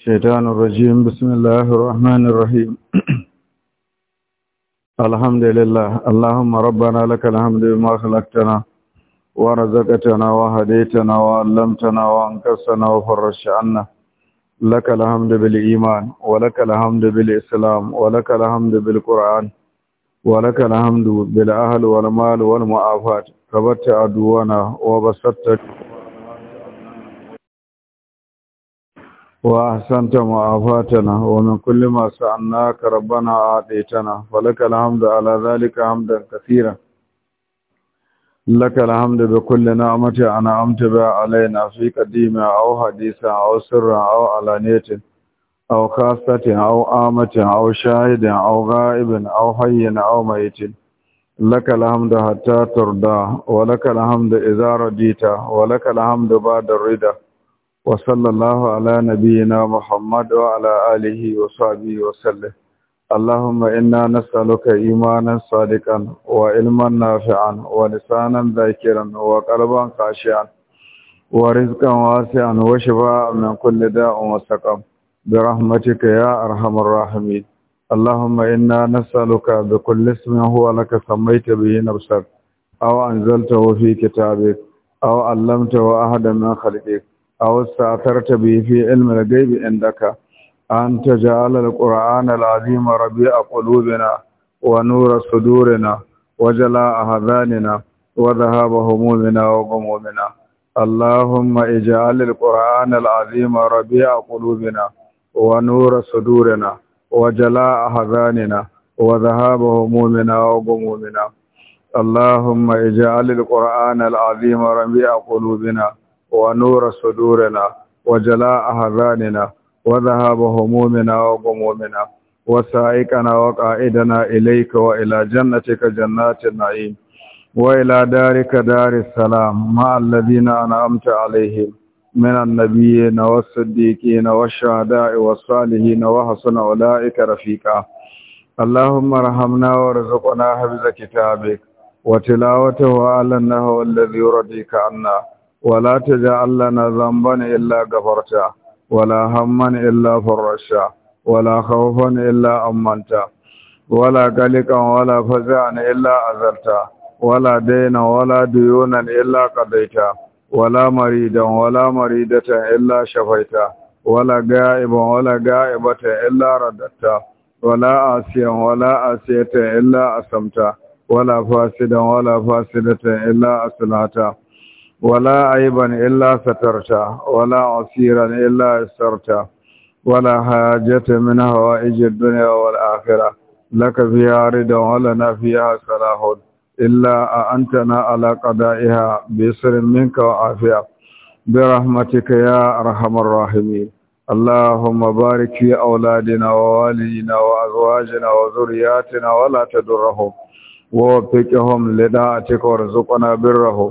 الشيطان الرجيم بسم الله الرحمن الرحيم الحمد لله اللهم ربنا لك الحمد بما خلقتنا ورزقتنا وهديتنا وعلمتنا وانكسنا وفرجت عنا لك الحمد بالإيمان ولك الحمد بالإسلام ولك الحمد بالقرآن ولك الحمد بالأهل والمال والمعافات كبت عدونا وبسطت وأحسنت معافاتنا ومن كل ما سألناك ربنا آتيتنا ولك الحمد على ذلك حمدا كثيرا لك الحمد بكل نعمة أنعمت بها علينا في قديمة أو حديثة أو سر أو علانية أو خاصة أو آمة أو شاهد أو غائب أو حي أو ميت لك الحمد حتى ترضى ولك الحمد إذا رديت ولك الحمد بعد الرضا وصلى الله على نبينا محمد وعلى آله وصحبه وسلم اللهم إنا نسألك إيمانا صادقا وعلما نافعا ولسانا ذاكرا وقلبا خاشعا ورزقا واسعا وشفاء من كل داء وسقم برحمتك يا أرحم الراحمين اللهم إنا نسألك بكل اسم هو لك سميت به نفسك أو أنزلته في كتابك أو علمته أحدا من خلقك أو استعترت به في علم الغيب عندك أن تجعل القرآن العظيم ربيع قلوبنا ونور صدورنا وجلاء أهذاننا وذهاب همومنا وغمومنا اللهم اجعل القرآن العظيم ربيع قلوبنا ونور صدورنا وجلاء أهذاننا وذهاب همومنا وغمومنا اللهم اجعل القرآن العظيم ربيع قلوبنا ونور صدورنا وجلاء أحزاننا وذهاب همومنا وغمومنا وسائقنا وقائدنا إليك وإلى جنتك جنات النعيم وإلى دارك دار السلام مع الذين أنعمت عليهم من النبيين والصديقين والشهداء والصالحين وحسن أولئك رفيقا اللهم ارحمنا وارزقنا حفظ كتابك وتلاوته على النهو الذي يرضيك عنا ولا تجعل لنا ذنبا إلا غفرته ولا هما إلا فرجته ولا خوفا إلا أمنته ولا قلقا ولا فزعا إلا أزلته ولا دينا ولا ديونا إلا قضيته ولا مريدا ولا مريدة إلا شفيته ولا غائبا ولا غائبة إلا رددته ولا عاصيا ولا عاصية إلا أسمته ولا فاسدا ولا فاسدة إلا أصلحته wala aiban illa satarta wala asiran illa satarta wala hajata minha wa ijid dunya wal akhirah laka fiha rida wa lana a salahud illa antana ala qada'iha bisrin minka wa afiya birahmatika ya arhamar rahimin اللهم بارك في أولادنا ووالدنا وأزواجنا وذرياتنا ولا تدرهم ووفقهم لداعتك وارزقنا برهم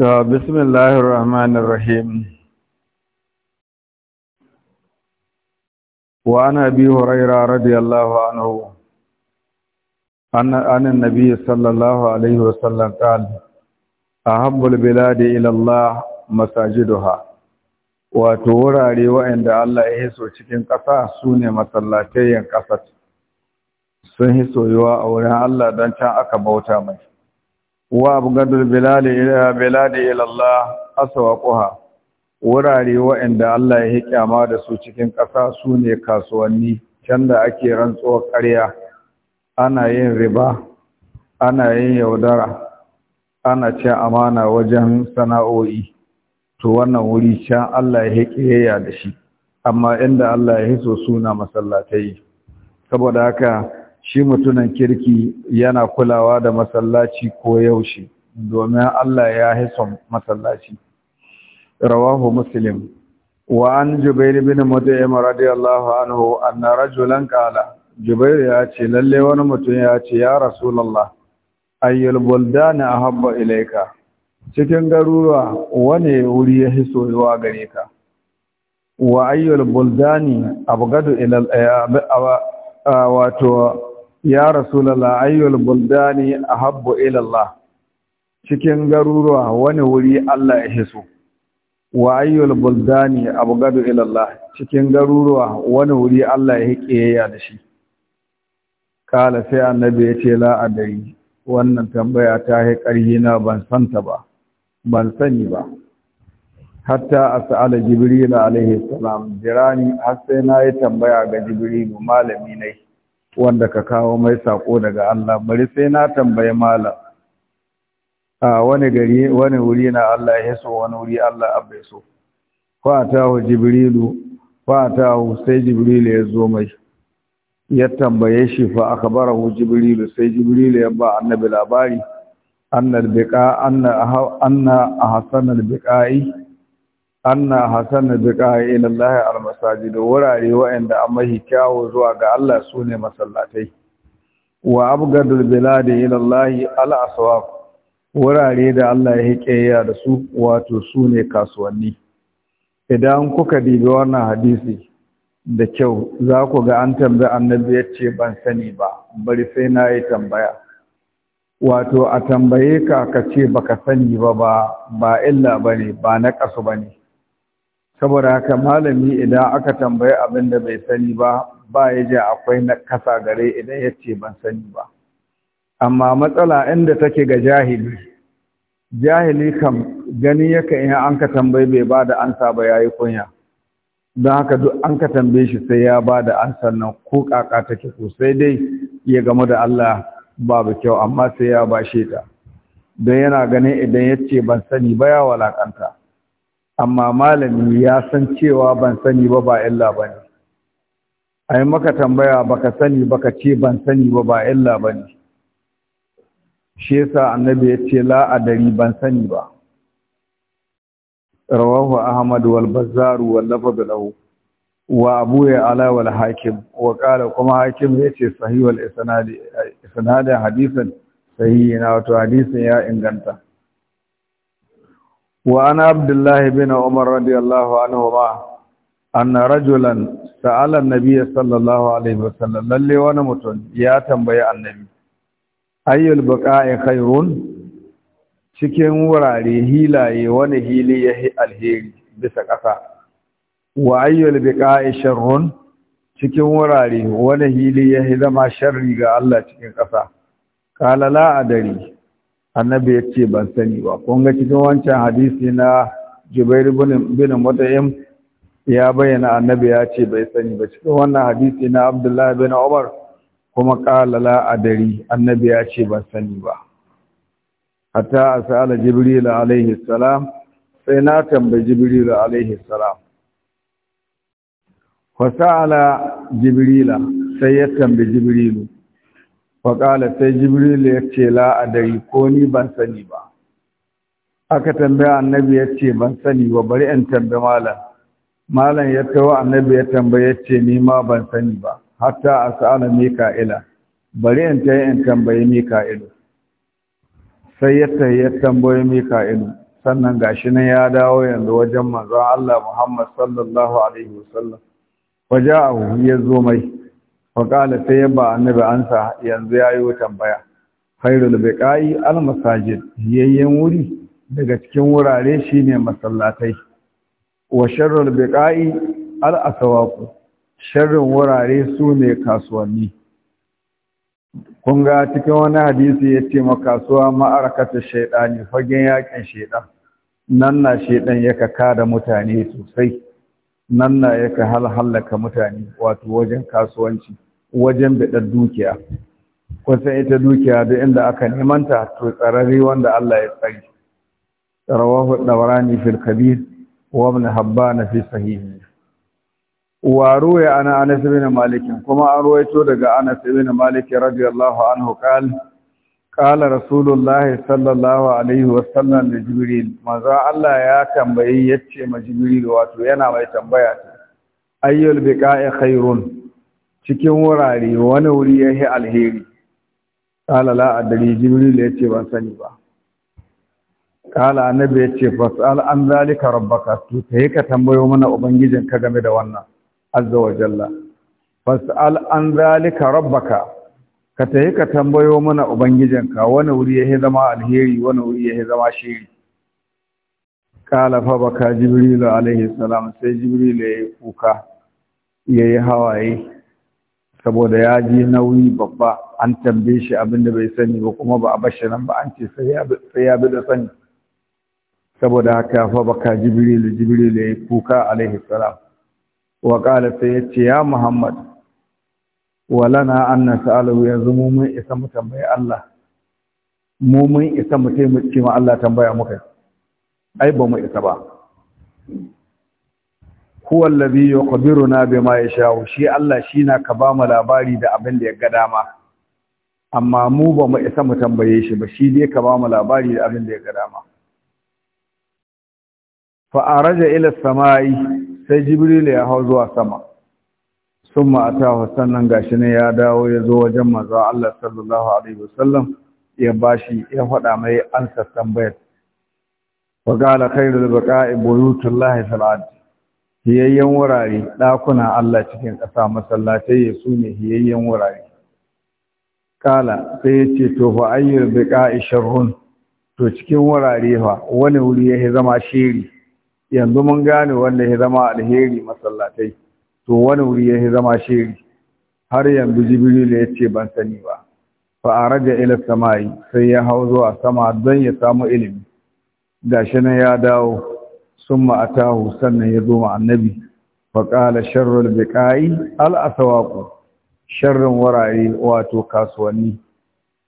To, bismillahir rahmanir rahim. Wa ana bi Huraira radiyallahu anhu. Anna anan nabiy sallallahu alaihi wasallam qal: Ahabbul biladi ila Allah masajiduha. Wato wurare waɗanda Allah ya hiso cikin ƙasa sune masallatayen ƙasar. Sun hisoyuwa a wurin Allah don can aka bauta mai. Wa وأبغض bilali ila biladi ila Allah أسواقها wurare waɗanda Allah ya kyama da su cikin ƙasa su ne kasuwanni can da ake rantsuwar ƙarya ana yin riba ana yin yaudara ana cin amana wajen sana'o'i to wannan wuri can Allah ya ƙiyayya da shi amma inda Allah ya hiso suna masallatai saboda haka shi mutunan kirki yana kulawa da masallaci ko yaushe domin Allah ya hisa masallaci rawahu muslim wa an jubair bin mut'im radiyallahu anhu anna rajulan qala jubair ya ce lalle wani mutum ya ce ya rasulullah ayyul habba ahabba ilayka cikin garuruwa wane wuri ya hiso zuwa gare ka wa ayyul buldani abgadu ila eh, wato ya rasu ayyul buldani ahabbu ila Allah cikin garuruwa wani wuri Allah ya hisu. wa ayyul buldani abgadu ila Allah cikin garuruwa wani wuri Allah ya hikiyaya da shi kala sai annabi ya ce la wannan tambaya ta yi ƙarhi na ban santa ba ban sani ba hatta as'ala jibril alaihi salam jirani har sai na yi tambaya ga jibrilu malami nai wanda ka kawo mai sako daga Allah bari sai na tambaye malam a wani gari wani wuri na Allah ya so wani wuri Allah ya so fa tahu jibrilu fa tahu sai jibrilu ya zo mai ya tambaye shi fa akhbarahu jibrilu sai jibrilu ya ba annabi labari annal biqa anna anna ahsanal biqai anna hasanal ila Allah da wurare waɗanda an mahi kyawo zuwa ga Allah su ne masallatai wa abgadul biladi ila Allah al aswaq wurare da Allah ya ya da su wato su ne kasuwanni idan kuka dibi wannan hadisi da kyau za ku ga an tambayi annabi ya ce ban sani ba bari sai na yi tambaya wato a tambaye ka ka ce baka sani ba ba illa bane ba na kasu bane saboda haka malami idan aka tambayi abin da bai sani ba ba ya ji akwai na kasa gare idan ya ce ban sani ba amma matsala inda take ga jahili jahili kam gani yaka in an ka tambayi bai ba da ansa ba yayi kunya don haka duk an ka tambaye shi sai ya ba da ansa nan ko kaka take ko sai dai ya gamu da Allah babu kyau amma sai ya bashe ta don yana ganin idan yace ban sani ba ya walakanta amma malami ya san cewa ban sani ba ba illa ba ne a yi maka tambaya baka sani baka ce ban sani ba ba illa ba ne shi yasa annabi ya ce la'adari ban sani ba rawahu ahmad wal bazzaru wal lafz wa abu ya ala wal hakim wa kala kuma hakim yace sahih wal isnad isnad hadithan sahihi na wato hadisin ya inganta وعن عبد الله بن عمر رضي الله عنهما أن رجلا سأل النبي صلى الله عليه وسلم للي وانا متون يا تنبيا النبي أي البقاء خيرون cikin wurare hilaye wani hili ya yi alheri bisa ƙasa wa ayyul biqa'i sharrun cikin wurare wani hili ya yi zama sharri ga Allah cikin ƙasa qala la adari annabi ya ce ban sani ba kun ga cikin wancan hadisi na jubair bin mutaim ya bayyana annabi ya ce bai sani ba cikin wannan hadisi na abdullahi bin umar kuma kalala la dari annabi ya ce ban sani ba hatta sa'ala jibril alaihi salam sai na tambayi jibril alaihi salam sa'ala jibrila sai ya tambayi jibrilu faƙala sai jibril ya ce la'adari ko ni ban sani ba aka tambaya annabi ya ce ban sani ba bari in tambi malam malam ya tawo annabi ya ya ce ni ma ban sani ba hatta a as'ala mika'ila bari in tayi in tambaye mika'ilu sai ya tayi ya tambaye mika'ilu sannan gashi nan ya dawo yanzu wajen manzon Allah Muhammad sallallahu alaihi wasallam waja'ahu ya zo mai faƙala sai ya ba annabi ansa yanzu ya yi tambaya khairul biqai al masajid yayyen wuri daga cikin wurare shine masallatai wa sharrul biqai al aswaq sharrin wurare su ne kasuwanni kun ga cikin wani hadisi ya ce makasuwa ma'arakata shaidani fagen yakin shaidan nan na shaidan ya kaka da mutane sosai nan na ya ka halhallaka mutane wato wajen kasuwanci wajen bidar dukiya kusan ita dukiya da inda aka nemanta to tsararri wanda Allah ya tsari rawahu dawrani fil kabir wa ibn habban fi sahih wa ruwaya ana anas bin malik kuma an ruwaito daga anas bin malik radiyallahu anhu qala ƙala الله sallallahu alaihi عليه da لجبريل manzo Allah ya tambayi yace ma jibril wato yana mai tambaya ayyul biqa'i khairun cikin wurare wani wuri yi alheri ƙala la adri jibril yace ban sani ba ƙala annabi yace fas'al an zalika rabbaka to kai ka tambayo mana ubangijinka game da wannan azza wa jalla fas'al an zalika rabbaka ka tafi ka tambayo mana ubangijinka wani wuri ya zama alheri wani wuri ya zama shiri kala fa baka jibrilu alaihi salam sai jibrilu ya yi kuka ya yi hawaye saboda ya ji nauyi babba an tambaye shi abin da bai sani ba kuma ba a bashi nan ba an ce sai ya bi da sani saboda haka fa baka jibrilu jibrilu ya yi kuka alaihi salam wa kala sai ya ce ya muhammad walana an nas'aluhu yanzu mu mun isa mu tambaye Allah mu mun isa mu taimake ma Allah tambaya muka ai ba mu isa ba na bai ma ya shawo, shi Allah shi na ka ba mu labari da abin da ya ga dama amma mu ba mu isa mu tambaye shi ba shi dai ka ba mu labari da abin da ya ga dama Fa’araja araja ila samai sai jibril ya hau zuwa sama sun ma'ata sannan gashi ne ya dawo ya zo wajen maza Allah sallallahu alaihi wasallam ya bashi ya faɗa mai ansa tambayar wa qala khairul baqa'i buyutullahi fil ard hiyayyen wurare ɗakuna Allah cikin ƙasa masallatai su ne hiyayyen wurare kala sai ya ce to fa ayyul baqa'i sharrun to cikin wurare fa wani wuri ya zama shiri yanzu mun gane wanda ya zama alheri masallatai to wani wuri ya zama shiri har yanzu jibrilu ya ce ban sani ba fa'araja ila samai sai ya hau zuwa sama don ya samu ilimi gashi nan ya dawo sun ma'atahu sannan ya zo ma annabi faƙala sharrul biƙa'i al'asawaku sharrin wurare wato kasuwanni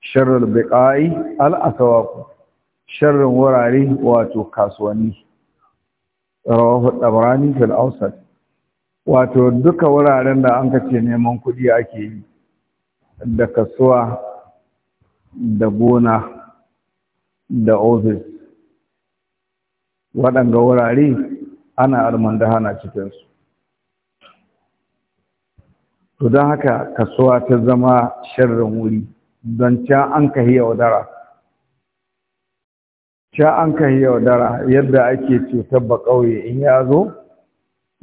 sharrul biƙa'i al'asawaku sharrin wurare wato kasuwanni rawahu ɗabrani fil ausat wato duka wuraren da an kace neman kuɗi ake yi da kasuwa da gona da ofis waɗanga wurare ana hana cikinsu to don haka kasuwa ta zama sharrin wuri don ca an ka yaudara ca an kahi yaudara yadda ake cutar ba ƙauye in ya zo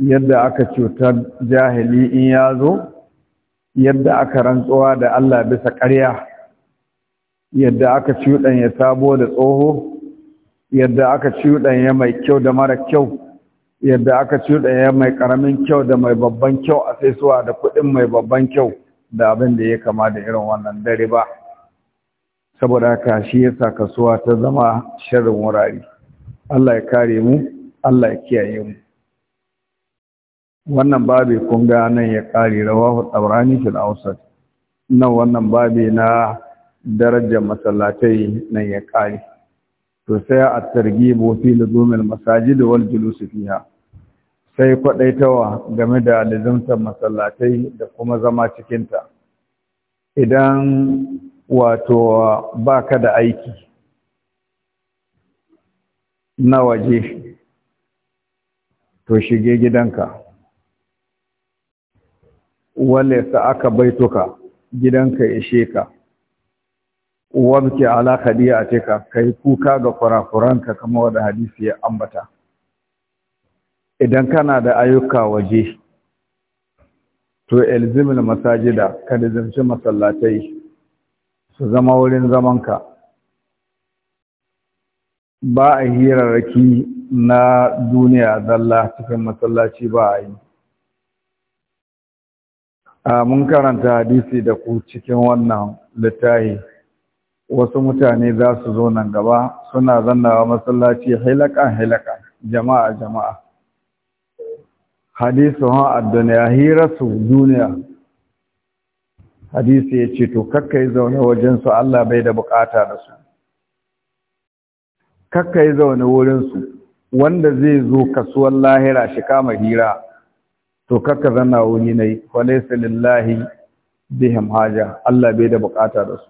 yadda aka cutar jahili in ya zo yadda aka rantsuwa da Allah bisa ƙarya yadda aka cuɗanya sabo da tsoho yadda aka cuɗanya mai kyau da mara kyau yadda aka cuɗanya mai ƙaramin kyau da mai babban kyau a sai suwa da kuɗin mai babban kyau da abin da ya kama da irin wannan dare ba saboda haka shi sa kasuwa ta zama shirin wurare Allah ya kare mu Allah ya kiyaye mu wannan babi kun ga nan ya kare rawahu tsaurani fil awsat nan wannan babi na darajar masallatai nan ya kare to sai a targibu fi luzumil masajid wal julus fiha sai kwadaitawa game da lazumtar masallatai da kuma zama cikin ta idan wato baka da aiki na waje to shige gidanka ya sa aka baituka gidanka ishe ka wabke teka Ka yi kuka ga kurakuranka kamar wadda hadisi ya ambata idan kana da ayyuka waje to elzimul masajida ka da zance masallatai su zama wurin zamanka ba a hirarraki na duniya zalla cikin masallaci ba a yi mun karanta hadisi da ku cikin wannan littafi wasu mutane za su zo nan gaba suna zannawa masallaci hilakan hilakan jama'a jama'a hadisu ha adduniya hirasu duniya hadisi ya ce to kakka yi zaune wajensu Allah bai da bukata da su kakka yi zaune wurinsu wanda zai zo kasuwar lahira shi kama hira to kakka zanna wuri nai wa laysa lillahi bihim haja Allah bai da bukata da su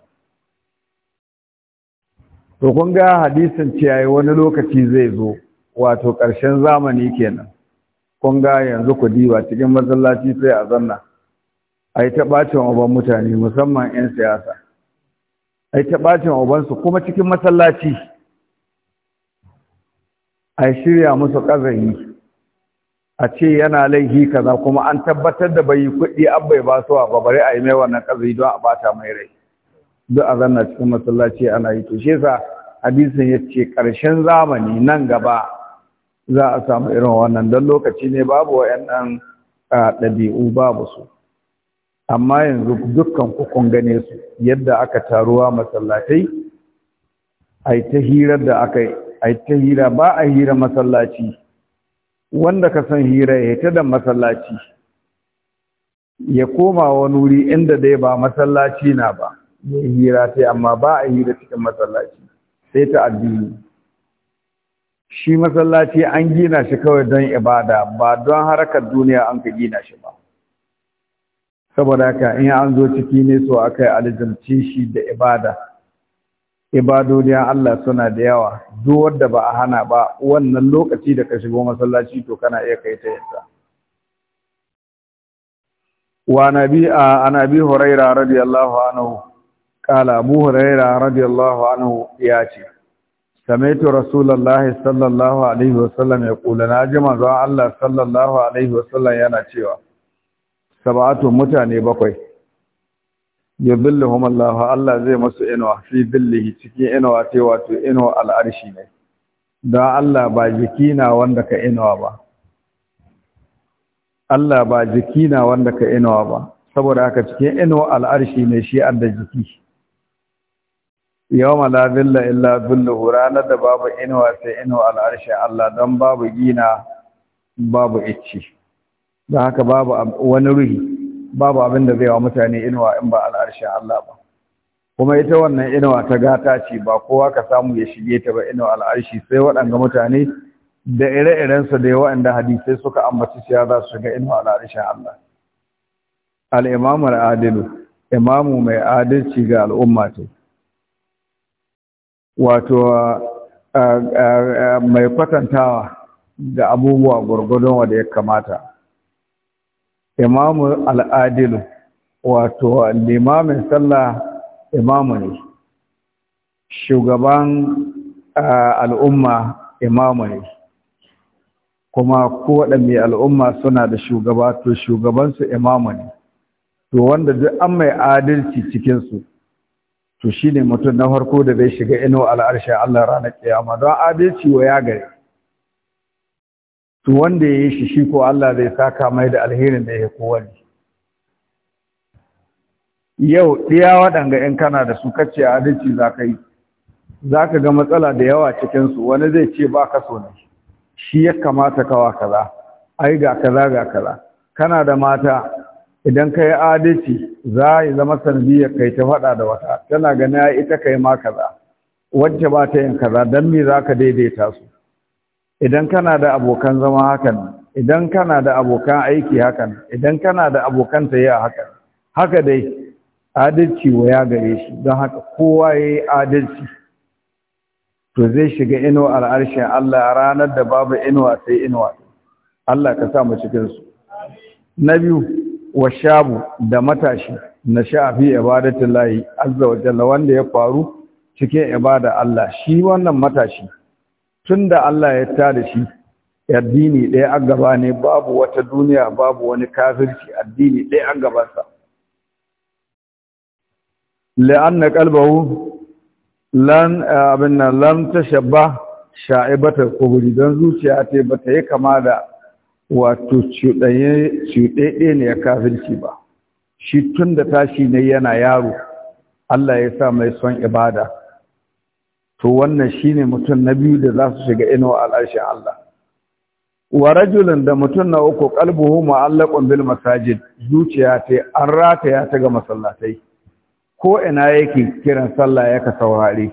to kun ga hadisin ciyayi wani lokaci zai zo wato ƙarshen zamani kenan kun ga yanzu ku diba cikin masallaci sai a zanna a yi ta bacin uban mutane musamman 'yan siyasa a yi bacin uban ubansu kuma cikin masallaci a shirya musu ƙazari a ce yana laifi kaza kuma an tabbatar da bai yi kuɗi an bai ba su ba bari a yi mai wannan ƙazai don a bata mai rai duk a zanna cikin masallaci ana yi to shi yasa hadisin ya ce ƙarshen zamani nan gaba za a samu irin wannan don lokaci ne babu waɗannan ɗabi'u babu su amma yanzu dukkan kun gane su yadda aka taruwa masallatai a ta hirar da aka yi ta hira ba a hira masallaci wanda ka san hira ya ta da masallaci ya koma wani wuri inda dai ba masallaci na ba ya hira sai amma ba a hira cikin masallaci sai ta addini shi masallaci an gina shi kawai don ibada ba don harkar duniya an ka gina shi ba saboda haka in an zo ciki ne so aka yi aljamci shi da ibada ibadodin Allah suna da yawa duk wanda ba a hana ba wannan lokaci da ka shigo masallaci to kana iya kai ta yadda wa nabi an anabi huraira radiyallahu anhu kala abu huraira radiyallahu anhu ya ce samaitu rasulullahi sallallahu alaihi wasallam ya kula na ji manzo Allah sallallahu alaihi wasallam yana cewa sab'atu mutane bakwai ya zillahum Allah Allah zai masu inuwa fi zillihi cikin inuwa ce wato inuwa al'arshi ne don Allah ba jiki na wanda ka inuwa ba Allah ba jiki na wanda ka inuwa ba saboda haka cikin inuwa al'arshi ne shi da jiki Yau la billa illa zilluhu ranar da babu inuwa sai inuwa al'arshi Allah don babu gina babu icci don haka babu wani ruhi babu abin da zai wa mutane inuwa in ba al'arshi Allah ba kuma ita wannan inuwa ta gata ce ba kowa ka samu ya shige ta ba inuwa al'arshi sai waɗanda mutane da ire-irensu da yawa inda hadisai suka ambaci siya za su shiga inuwa al'arshi Allah al'imamu al'adilu imamu mai adalci ga al'umma ce wato mai kwatantawa da abubuwa gwargwadon wanda ya kamata imamu al'adilu wato limamin sallah imamu ne shugaban al'umma imamu ne kuma kowaɗanne al'umma suna da shugaba to shugabansu imamu ne to wanda duk an mai adalci cikinsu to shi ne mutum na farko da zai shiga ino al'arshen Allah ranar ƙiyama don adalci wa ya gari to wanda ya yi shi shi ko Allah zai saka mai da alherin da ya kowane yau ɗiya waɗanga yan kana da su a adalci za ka yi za ka ga matsala da yawa cikinsu wani zai ce ba ka so ne shi ya kamata kawa kaza ai ga kaza ga kaza kana da mata idan ka yi adalci za yi zama sanadiyar kai ta faɗa da wata tana gani ita ka yi ma kaza wacce ba ta yin kaza don me za ka daidaita su idan kana da abokan zama hakan idan kana da abokan aiki hakan idan kana da abokan tayya hakan haka dai adalci waya gare shi don haka kowa ya yi adalci to zai shiga inuwa al'arshen Allah ranar da babu inuwa sai inuwa Allah ka sa mu cikinsu na biyu wa shabu da matashi na shafi ibadatin layi azza wa jalla wanda ya faru cikin ibada Allah shi wannan matashi tun da Allah ya da shi addini ɗaya a gaba ne babu wata duniya babu wani kafirci addini ɗaya a gabansa na qalbahu lan abin lam tashabba sha'ibatar kuburi don zuciya ta ba ta yi kama da wato cuɗaɗe ne ya kafirci ba shi tun da tashi ne yana yaro Allah ya sa mai son ibada to wannan shine mutum na biyu da za su shiga inuwa al'arshin Allah wa rajulan da mutum na uku kalbuhu mu'allaqun bil masajid zuciya ta an rataya ta ga masallatai ko ina yake kiran sallah yaka saurare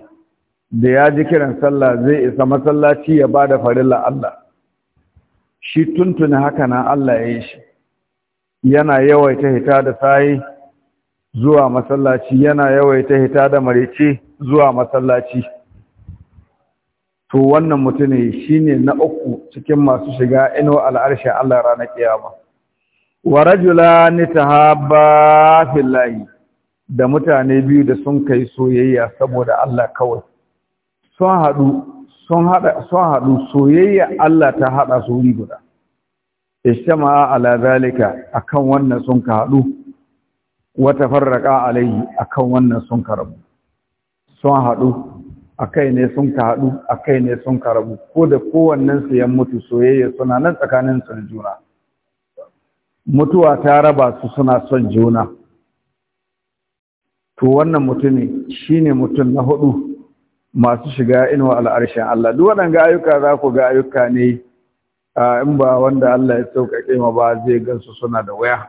da ya ji kiran sallah zai isa masallaci ya bada farilla Allah shi tuntuna haka na Allah ya yi shi yana yawaita hita da sai zuwa masallaci yana yawaita hita da marice zuwa masallaci to wannan shi ne na uku cikin masu shiga ino al’arshe Allah ranar kiyama wa ta tahabba layi da mutane biyu da sun kai soyayya saboda Allah kawai sun haɗu soyayya Allah ta haɗa su wuri guda ishtama ala zalika akan wannan sun ka haɗu Wata farraka alayhi akan wannan sun ka sun haɗu a kai ne sun ka haɗu a ne sun ka rabu ko da kowannen su yan mutu soyayya suna nan tsakanin son juna mutuwa ta raba su suna son juna to wannan mutumi shine mutum na hudu masu shiga inuwa al'arshen Allah duk waɗanga ayyuka za ku ga ayyuka ne in ba wanda Allah ya sauƙaƙe ma ba zai gansu suna da waya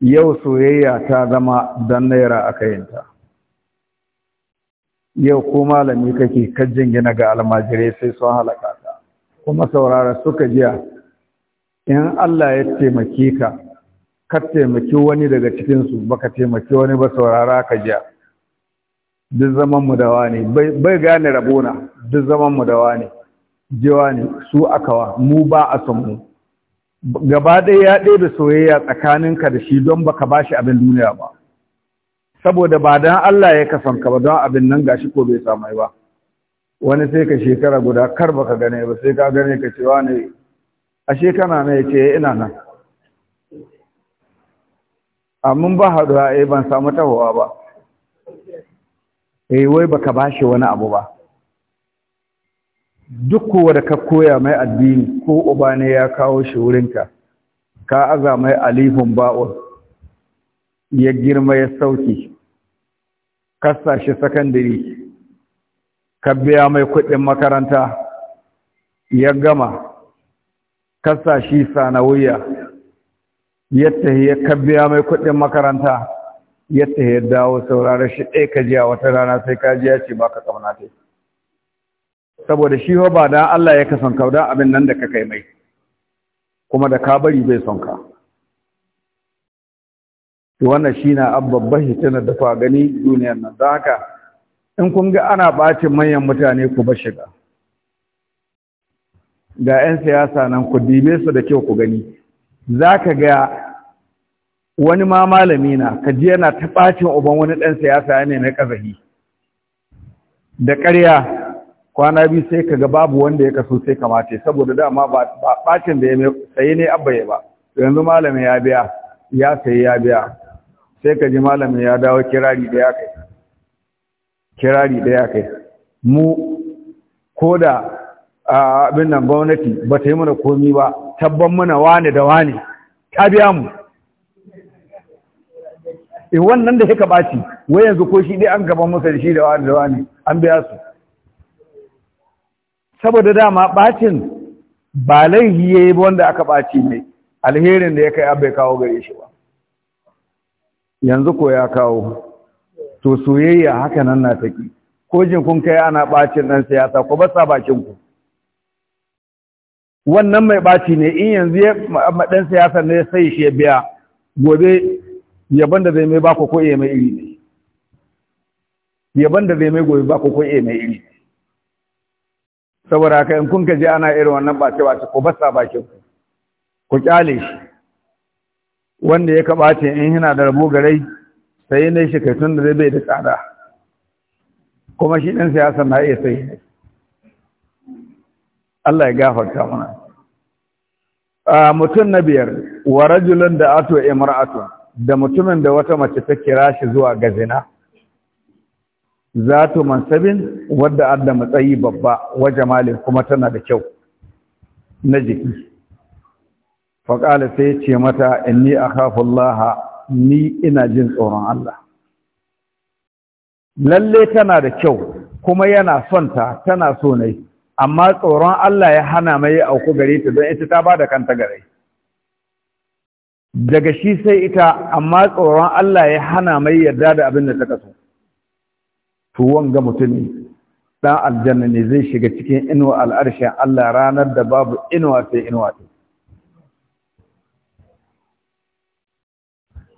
yau soyayya ta zama don naira a kayanta yau ko malami kake kan gina ga almajirai sai sun halaka ka kuma saurara suka jiya in Allah ya taimake ka ka taimaki wani daga cikinsu baka taimaki wani ba saurara ka jiya duk zaman mu da wani bai gane rabona duk zaman mu da wani jiwa ne su akawa mu ba a son mu gaba ɗaya ya ɗaya da soyayya tsakaninka da shi don baka bashi abin duniya ba saboda ba dan Allah ya kasan ka ba don abin nan gashi ko bai samu ba wani sai ka shekara guda kar baka gane ba sai ka gane ka cewa ne a shekara ne ce eh, ina nan amma ba haɗuwa eh ban samu tawawa ba eh wai baka bashi wani abu ba duk kowa da ka koya mai addini ko uba ne ya kawo shi wurinka ka aza mai alifun ba'u, ya girma ya sauki kasa shi sakandare ka biya mai kuɗin makaranta ya gama kasa shi sanawiya yadda ya ka biya mai kuɗin makaranta yadda ya dawo saurara shi ɗaya ka jiya wata rana sai ka jiya ce ba ka ƙauna ta saboda shi ba don Allah ya ka son kauda abin nan da ka kai mai kuma da ka bari bai son ka to wannan shi na babban hitinar da fa gani duniyar nan da haka in kun ga ana ɓacin manyan mutane ku ba shiga ga 'yan siyasa nan ku dibe su da kyau ku gani za ka ga wani ma malami na ka ji yana ta ɓacin uban wani ɗan siyasa ne na ƙazahi da ƙarya kwana biyu sai ka ga babu wanda ya kaso sai kamata saboda dama ba ɓacin da ya saye ne abba ya ba yanzu malami ya biya ya sayi ya biya sai ka ji malamin ya dawo kirari da ya kai kirari da ya kai mu ko da abin nan gwamnati ba ta yi mana komi ba tabban mana wane da wane ta biya mu e wannan da haka baci wai yanzu ko shi dai an gaban masa da shi da wani da wani an biya su saboda dama bacin ba laihi yayi wanda aka baci ne alherin da ya kai abai kawo gare shi ba yanzu ko ya kawo to soyayya haka nan na take ko jin kun kai ana bacin dan siyasa ko ba sa bakin ku wannan mai baci ne in yanzu ya dan siyasa ne sai shi ya biya gobe yaban da zai mai ba ko iya mai iri ne yaban da zai mai gobe ba ko iya mai iri saboda haka in kun ka je ana irin wannan bace bace ko ba sa bakin ku ku kyale shi wanda ya kabace in yana da rabo garai sai ne shi kai tunda da zai bai da tsada kuma shi ɗan siyasa na iya sai ne Allah ya gafarta mana mutum na biyar wa rajulun da ato imra'atu da mutumin da wata mace ta kira shi zuwa ga zina zatu mansabin wadda adda tsayi babba wa jamalin kuma tana da kyau na jiki faƙala sai ce mata inni akhafu Allah ni ina jin tsoron Allah lalle tana da kyau kuma yana son ta tana so ne amma tsoron Allah ya hana mai auku gare ta don ita ta bada kanta gare daga shi sai ita amma tsoron Allah ya hana mai yarda da abin da ta kaso Tuwon ga mutumi ɗan aljanna ne zai shiga cikin inuwa al'arshen Allah ranar da babu inuwa sai inuwa ta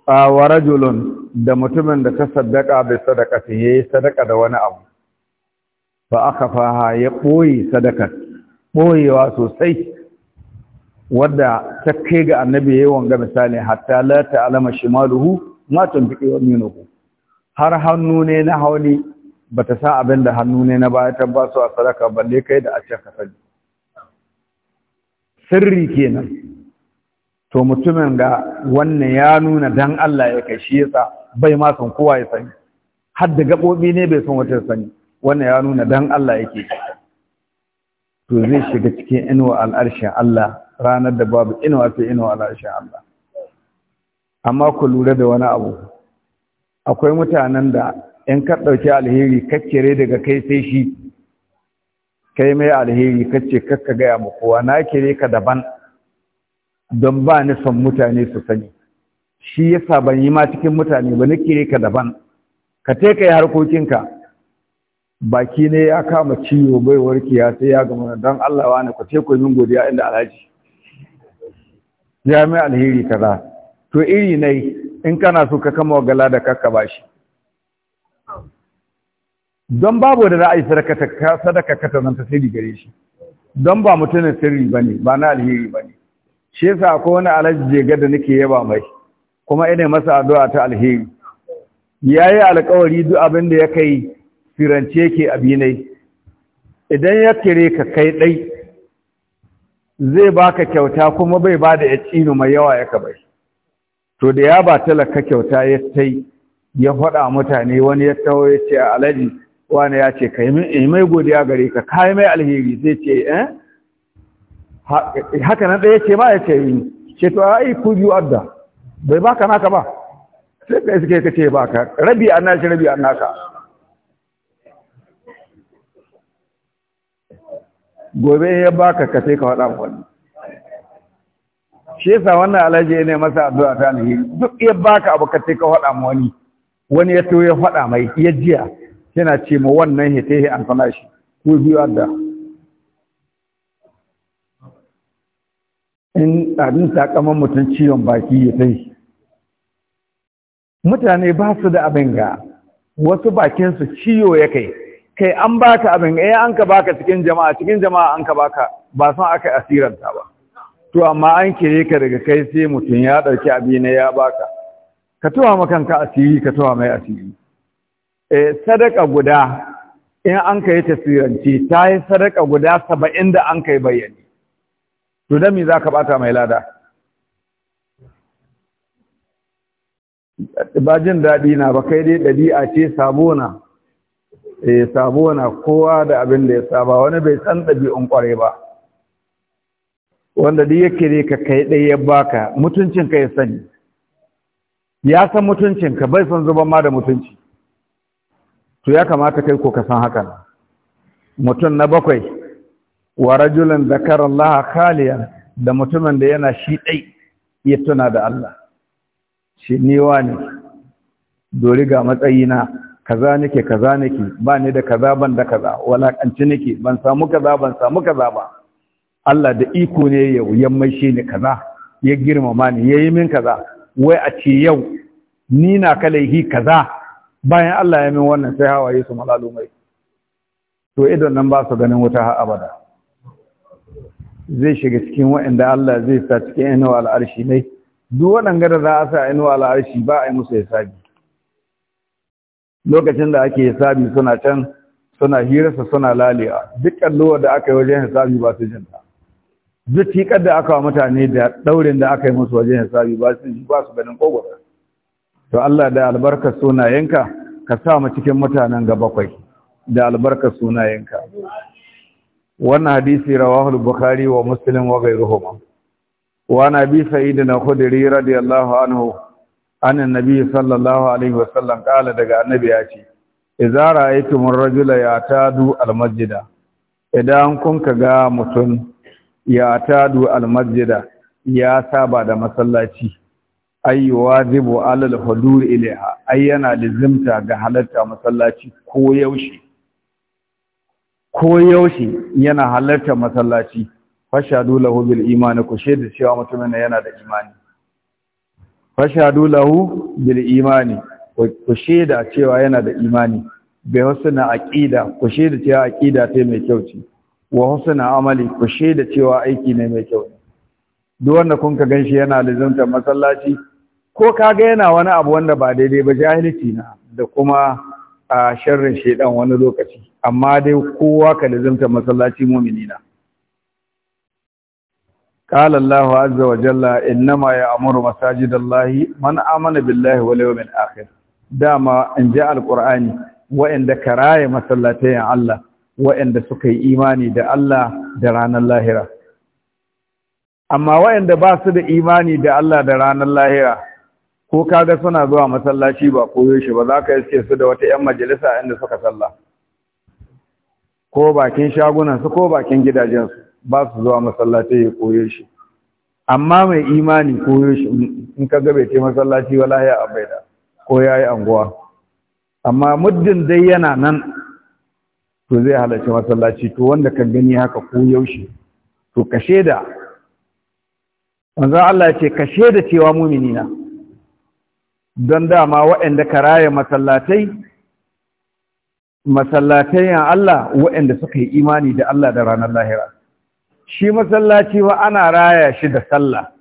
wa rajulun da mutumin da ta saddaka bi sadaqati yayi sadaka da wani abu fa akafaha ya boye sadaka boyewa sosai wanda ta kai ga annabi yayi wanga misali hatta la ta'lama shimaluhu ma wani yaminuhu har hannu ne na hauni bata sa abin da hannu ne na baya ta tabbasu a sadaka balle kai da a ce ka sani sirri kenan to mutumin ga wannan ya nuna dan Allah ya kai shi yasa bai ma son kowa ya sani har da gabobi ne bai son wata sani wannan ya nuna dan Allah yake to zai shiga cikin inuwa al'arshin Allah ranar da babu inuwa sai inuwa al'arshin Allah amma ku lura da wani abu akwai mutanen da in ka ɗauki alheri kakkere daga kai sai shi kai mai alheri kace kakka gaya ma kowa na kire ka daban don ba ni son mutane su sani shi yasa ban yi ma cikin mutane ba nake ka daban ka te ka yi harkokinka baki ne ya kama ciwo bai ya, sai ya gama don Allah wani ku ce ku min godiya inda alhaji ya mai alheri kaza to iri ne in kana so ka kama gala da kakka shi. don babu da ra'ayi sadaka ta sadaka ka ta zanta sirri gare shi don ba mutumin sirri ba ne, ba na alheri ba ne. shi yasa akwai wani alhaji jega da nake yaba mai kuma ina masa addu'a ta alheri yayi alƙawari duk abin da ya kai firance yake abinai idan ya kire ka kai dai zai baka kyauta kuma bai bada ya mai yawa ya bai to da ya ba talaka kyauta ya tai ya faɗa mutane wani ya taho ya ce alhaji wani ya ce ka mai godiya gare ka ka mai alheri zai ce eh haka nan ɗaya ce ma ya ce yi ce to ai ku biyu adda bai baka naka ba sai ka suke ka ce baka rabi an nashi rabi an naka gobe ya baka ka sai ka faɗa wani shi yasa wannan alhaji ne masa addu'a ta alheri duk ya baka abu ka sai ka faɗa ma wani wani ya to ya faɗa mai ya jiya yana ce ma wannan hitehe an fana shi ku biyu adda in abin sakaman mutum ciwon baki ya sai mutane ba su da abin ga wasu bakinsu ciwo ya kai kai an baka abin ga eh an ka baka cikin jama'a cikin jama'a an ka baka ba san aka asiranta ba to amma an kire ka daga kai sai mutum ya ɗauki abin ya baka ka tuwa kanka asiri ka tuwa mai asiri eh sadaka guda in an kai tasirance ta yi sadaka guda saba'in da an kai bayani. to dan me ka bata mai lada ba jin daɗi na ba kai dai ɗabi'a ce sabona eh sabona kowa da abin da ya saba wani bai san ɗabi'un ƙwarai ba wanda duk yake ne ka kai ɗaya ya baka mutuncin ka ya sani ya san mutuncin ka bai san zuban ma da mutunci to ya kamata kai ko ka san hakan mutum na bakwai wa rajulan zakara Allah khaliyan da mutumin da yana shi dai ya tuna da Allah shi ni wani dori ga matsayina kaza nake kaza nake ba ni da kaza ban da kaza Wala kanci nake ban samu kaza ban samu kaza ba Allah da iko ne yau mai shi ne kaza ya girmama ni yayi min kaza wai a ce yau ni na kalaihi kaza bayan Allah ya min wannan sai hawaye su malalumai to idan nan ba su ganin wuta abada zai shiga cikin waɗanda Allah zai sa cikin inuwa al'arshi ne duk waɗanda da za a sa inuwa al'arshi ba a yi musu hisabi lokacin da ake hisabi suna can suna hirarsa suna lalewa dukkan lowar da aka yi wajen hisabi ba su jin ta duk tiƙar da aka wa mutane da ɗaurin da aka yi musu wajen hisabi ba su ji ba su ganin kogwara to Allah da albarkar sunayenka ka sa mu cikin mutanen ga bakwai da albarkar sunayenka wannan hadisi rawahu al-bukhari wa muslim wa ghayruhuma wa nabi sa'id na khudri radiyallahu anhu an annabi sallallahu alaihi wasallam kala daga annabi ya ce idza ra'aytum ar-rajula ya'tadu al-masjida idan kun ga mutum ya'tadu al-masjida ya saba da masallaci ay wajibu alal hudur ilaiha Ai yana lazimta ga halarta masallaci ko yaushe ko yaushe yana halartar masallaci fashadu lahu bil imani ku shaida cewa mutumin yana da imani fashadu lahu bil imani ku shaida cewa yana da imani bai husna aqida ku shaida cewa aqida ta mai kyau ce wa husna amali ku shaida cewa aiki ne mai kyau duk wanda kun ka ganshi yana lazimtar masallaci ko kaga yana wani abu wanda ba daidai ba jahilci na da kuma a sharrin shiɗan wani lokaci, amma dai kowa ka nemi ta masallacin muminina. Ka lallahu anzawa jala; inna ma ya'amurru ma saa jidallahi. amana biyar da ta wani Dama in je Alƙur'ani, wa'inda ka raya masallatayya Allah, wa'inda suka yi imani da Allah da ranar lahira. Amma wa'inda ba su da imani da Allah da ranar lahira. ko kaga suna zuwa masallaci ba koyo shi ba za ka iske su da wata 'yan majalisa inda suka sallah ko bakin shagunansu ko bakin gidajensu ba su zuwa masallaci ya koyo shi amma mai imani koyo shi in ka gabe ce masallaci wala ya abaida ko ya yi anguwa amma muddin dai yana nan to zai halarci masallaci to wanda ka gani haka koyo shi to kashe da wanzan Allah ce kashe da cewa mumini na don dama waɗanda ka raya masallatai masallatai Allah waɗanda suka yi imani da Allah da ranar lahira shi masallaci wa ana raya shi da sallah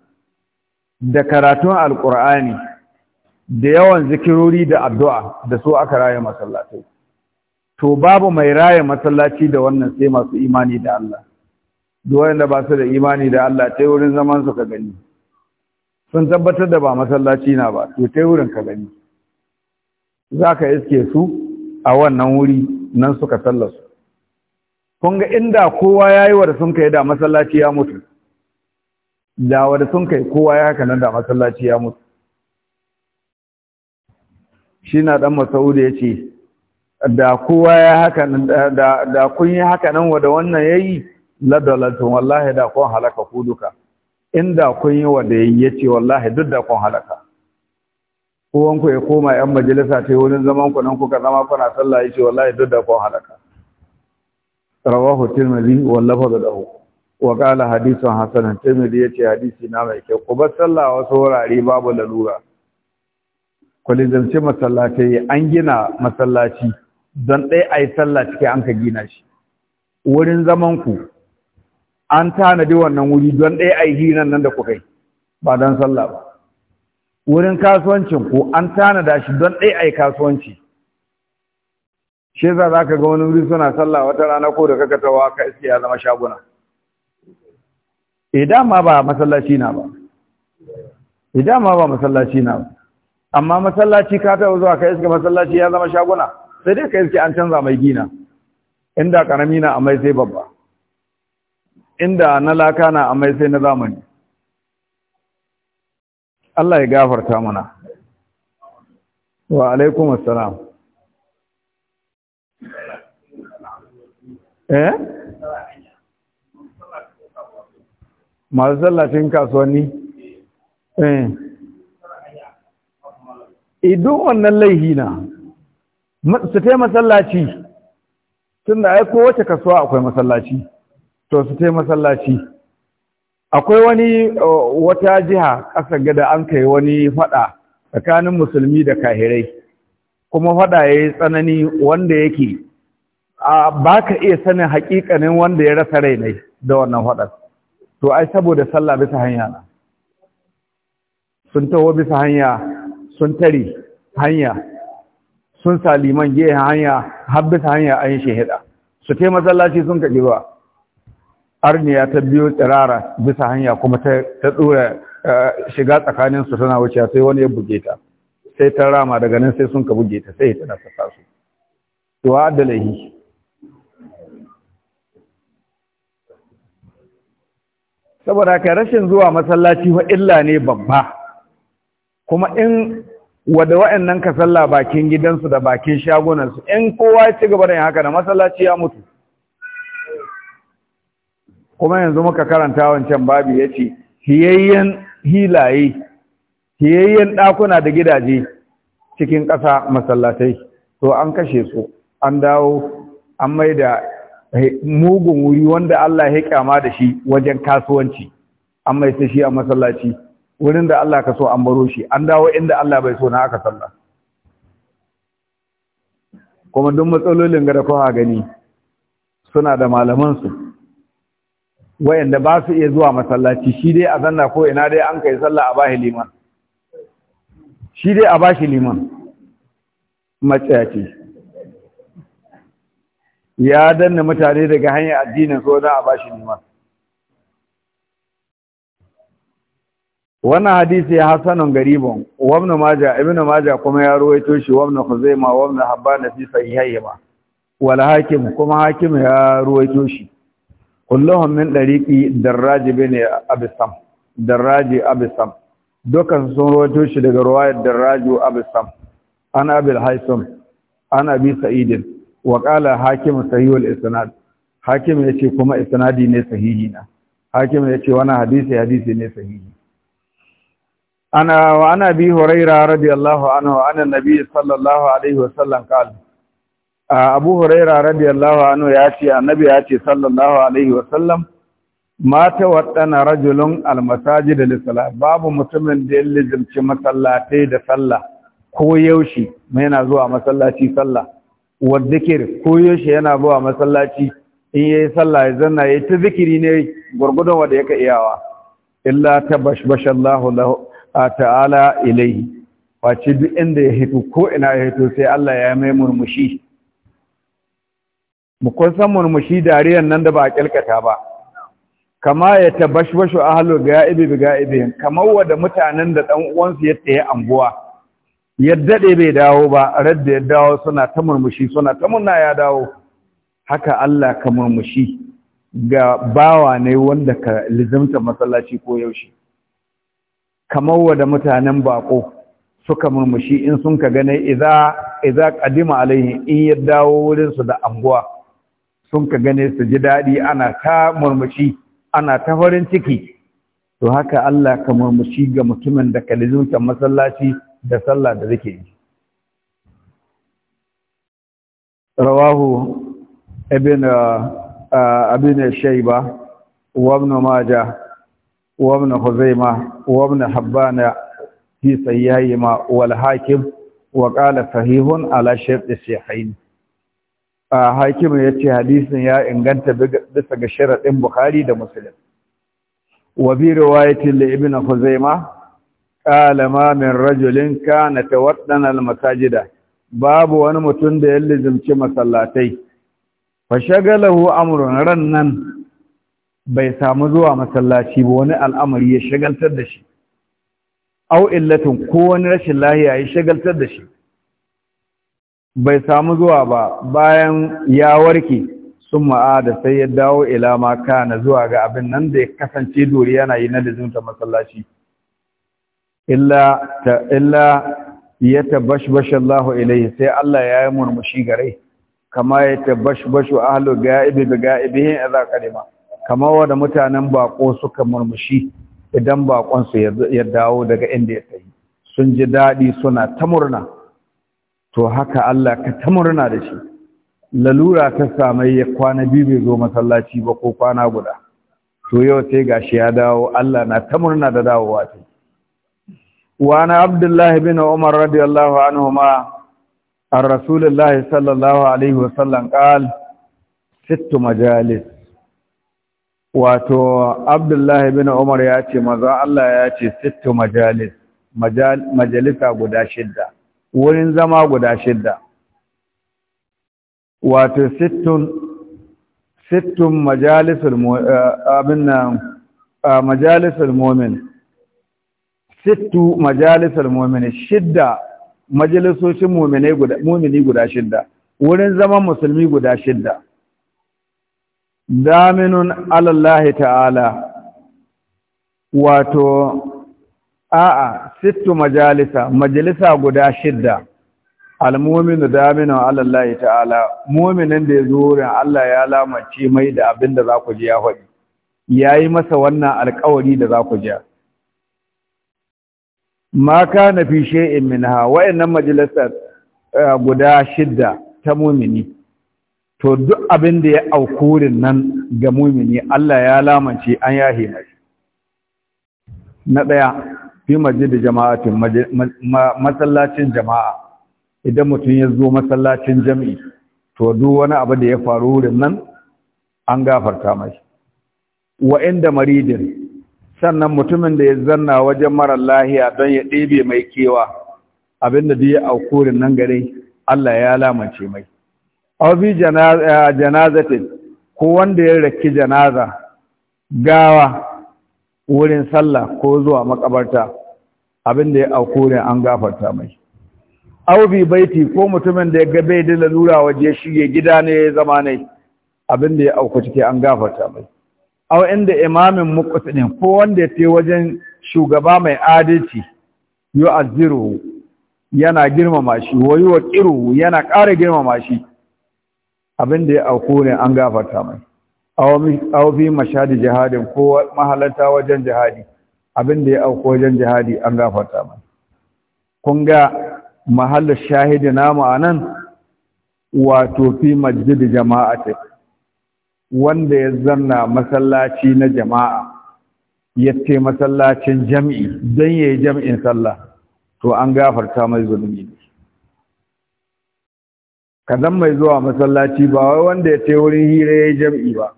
da karatun alkur'ani da yawan zikirori da addu'a da so aka raya masallatai to babu mai raya masallaci da wannan sai masu imani da Allah duk wanda ba su da imani da Allah sai wurin zaman su ka gani sun tabbatar da ba masallaci na ba to kai wurin ka gani za ka iske su a wannan wuri nan suka sallasu kun ga inda kowa ya yi wada sun kai da masallaci ya mutu da wada sun kai kowa ya haka nan da masallaci ya mutu shi na ɗan masaudi ya ce da kowa ya haka da kun yi haka nan wada wannan ya yi wallahi da kun halaka ku duka inda kun yi wa da ya ce wallahi duk da kun halaka kowanku ya koma yan majalisa ce wurin zaman ku nan kuka zama kuna sallah ya ce wallahi duk da kun halaka rawahu tirmidhi wallafa da hu wa qala hadithun hasan tirmidhi yace hadisi na mai kyau ku bar sallah wasu wurare babu lalura ku lizance masallatai an gina masallaci don ɗaya a yi sallah cike an ka gina shi wurin zaman ku an tanadi wannan wuri don ɗaya a yi hinan nan da kuka yi ba don sallah ba wurin kasuwancin ku an tanada shi don ɗaya a yi kasuwanci Sheza za ka ga wani wuri suna sallah wata rana ko da kaka tawa ka iske ya zama shaguna idan eh, ma ba masallaci na ba idan eh, ma ba masallaci na ba amma masallaci ka taɓa zuwa ka iske masallaci ya zama shaguna sai dai ka iske an canza mai gina inda ƙarami na amai sai babba inda na lakana a amai sai na zamani Allah ya gafarta mana wa alaikum assalam eh masu sallacin kasuwanni eh idan wannan laihi na su taimasallaci tun da aiko wace kasuwa akwai masallaci to su tai masallaci akwai wani wata jiha ƙasar gada an kai wani fada tsakanin musulmi da kahirai kuma fada yi tsanani wanda yake ba ka iya sanin hakikanin wanda ya rasa rai ne da wannan fadar to ai saboda sallah bisa hanya na sun taho bisa hanya sun tare hanya sun saliman gehen hanya har bisa hanya an shehida su te masallaci sun kaji ba arniya ta biyo tsirara bisa hanya kuma ta dora eh, shiga tsakanin su tana wuce sai wani ya buge ta sai ta rama daga nan sai sun ka buge ta sai tana sassa su to wa saboda kai rashin zuwa masallaci fa illa ne babba kuma in wada wa'annan ka salla bakin gidansu da bakin shagunansu in kowa ya ci gaba da yin haka da masallaci ya mutu kuma yanzu muka karanta wancan babi ya ce hiyayyen hilaye hiyayyen ɗakuna da gidaje cikin ƙasa masallatai to an kashe su an dawo an mai da mugun wuri wanda Allah ya kyama da shi wajen kasuwanci an mai shi a masallaci wurin da Allah ka so an baro shi an dawo inda Allah bai so na aka sallah kuma duk matsalolin ga da gani suna da malamansu wayanda ba su iya zuwa masallaci shi dai a zanna ko ina dai an kai sallah a bashi liman shi dai a bashi liman matsayaci ya danna mutane daga hanyar addinin so da a bashi liman wannan hadisi ya hasanun garibin wamna maja ibnu maja kuma ya ruwaito shi wamna khuzaima wamna habban fi sahihayhima wal hakim kuma hakim ya ruwaito shi kullum min dariqi darraji bin abisam darraji abisam dukan sun rawaito shi daga ruwayar darraji abisam an abil haisam an abi sa'idin wa qala hakim sahihul isnad hakim yace kuma isnadi ne sahihi na hakim yace wani hadisi hadisi ne sahihi ana wa ana bi hurairah radiyallahu anhu anan nabi sallallahu alaihi wasallam qala abu huraira radiyallahu anhu ya ce annabi ya ce sallallahu alaihi wasallam mata waɗana rajulun almasajid da babu mutumin da ya lizimci masallatai da sallah ko yaushe yana zuwa masallaci sallah wadikir ko yaushe yana zuwa masallaci in yayi sallah ya zanna yayi ta zikiri ne gurgudun wanda yake iyawa illa Allah lahu ta'ala ilaihi wace duk inda ya hito ko ina ya hito sai Allah ya mai murmushi mu kun san murmushi dariyan nan da ba a kyalkata ba kama ya tabashwashu ahlu ga'ibi bi ga'ibi kamar wanda mutanen da dan uwansu ya tsaye anguwa ya dade bai dawo ba radda ya dawo suna ta murmushi suna ta munna ya dawo haka Allah ka murmushi ga bawa ne wanda ka lizimta masallaci ko yaushe kamar wanda mutanen bako suka murmushi in sun ka gane idza idza qadima alaihi in ya dawo wurin su da anguwa sun ka gane su ji daɗi ana ta murmushi ana ta farin ciki to haka Allah ka murmushi ga mutumin da kalizunta masallaci da sallah da zake yi rawahu ibn abin shayba wa ibn maja wa ibn huzaima wa ibn habbana fi sayyihima wal hakim wa qala sahihun ala shaykh as-sahihain hakimu ya ce hadisin ya inganta bisa ga sharaɗin Bukhari da Muslim. Wa bi riwayatin li Ibn Khuzaima qala ma min rajulin kana tawaddana al-masajida babu wani mutum da ya lizimci masallatai fa shagalahu amrun rannan bai samu zuwa masallaci ba wani al'amari ya shagaltar da shi aw illatin ko wani rashin lahiya ya shagaltar da shi bai samu zuwa ba bayan ya warke sun da sai ya dawo ilama kana zuwa ga abin nan da ya kasance dori yana yi na ta masallaci illa ya tabbashbashi Allah ilaihi sai Allah ya yi murmushi gare kama ya tabbashbashu ahalo ga'ibi bi za ka nema kama wanda mutanen baƙo suka murmushi idan baƙonsu ya dawo daga inda ya tafi sun ji daɗi suna ta murna to haka Allah ka ta murna da shi lalura ta samai ya kwana biyu bai zo masallaci ba ko kwana guda to yau sai gashi ya dawo Allah na ta murna da dawowa ta wa ana abdullah ibn umar radiyallahu الله عنهما عن رسول الله صلى الله عليه وسلم قال wato Abdullahi ibn Umar ya ce maza Allah ya ce sittu majalis majalisa guda shidda wurin zama guda shidda wato sittun sittun majalisul eh, abin eh, majalisul mu'min sittu majalisul mu'min shidda majalisoshin mu'mini guda mu'mini guda shidda wurin zaman musulmi guda shidda daminun alallahi ta'ala wato a'a sittu majalisa majalisa guda shidda almominu daminu Allah ta'ala muminin da ya zo wurin Allah ya lamace mai da abin da za ku ji ya faɗi ya yi masa wannan alkawari da za ku ji ma ka na fi she'in minha wa'annan majalisa eh, guda shidda ta mumini to duk abin da ya aukurin nan ga mumini Allah ya lamace an yahe mai na ɗaya fi majid jama'atin masallacin jama'a idan mutum ya zo masallacin jami'i to duk wani abu da ya faru wurin nan an gafarta mai wa inda maridin sannan mutumin da ya zanna wajen marar lahiya don ya ɗebe mai kewa abinda da ya aukurin nan gare Allah ya lamace mai janaza eh, janazatin ko wanda ya raki janaza gawa wurin sallah ko zuwa makabarta abin da ya auku ne an gafarta mai aubi baiti ko mutumin da ya ga bai da lalura waje shige gida ne ya zama ne abin da ya auku cike an gafarta mai au inda imamin muqtadin ko wanda ya fi wajen shugaba mai adalci yu'azziru yana girmama shi wa yuqiru yana ƙara girmama shi abin da ya auku ne an gafarta mai aw fi mashadi jihadin ko mahalarta wajen jihadi abin da ya auko wajen jihadi an gafarta mai kun ga mahallar shahidi namu a nan wato fi jama'a jama'ati wanda ya zanna masallaci na jama'a ya masallacin jam'i don ya yi jam'in sallah to an gafarta mai zunubi kazan mai zuwa masallaci ba wai wanda ya ce wurin hira ya yi jam'i ba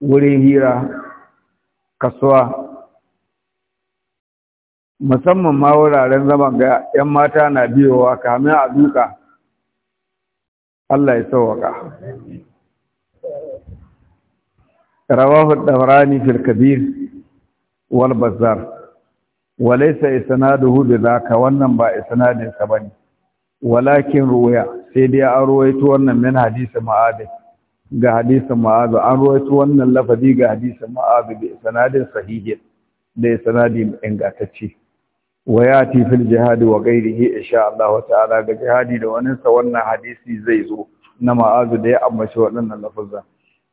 wurin hira kasuwa musamman ma wuraren zaman ga 'yan mata na biyowa kamin a duka Allah ya sauwaka rawahu dabrani fil kabir wal bazar walaysa isnaduhu bidhaka wannan ba isnadin sa bane walakin ruwaya sai dai an ruwaito wannan min hadisi ma'adin ga hadisin ma'azu an rawaito wannan lafazi ga hadisin ma'azu da sanadin sahihi da sanadi ingantacce wa yati fil jihad wa ghairihi insha Allah ta'ala ga jihadi da wannan sa wannan hadisi zai zo na ma'azu da ya ambace waɗannan lafazan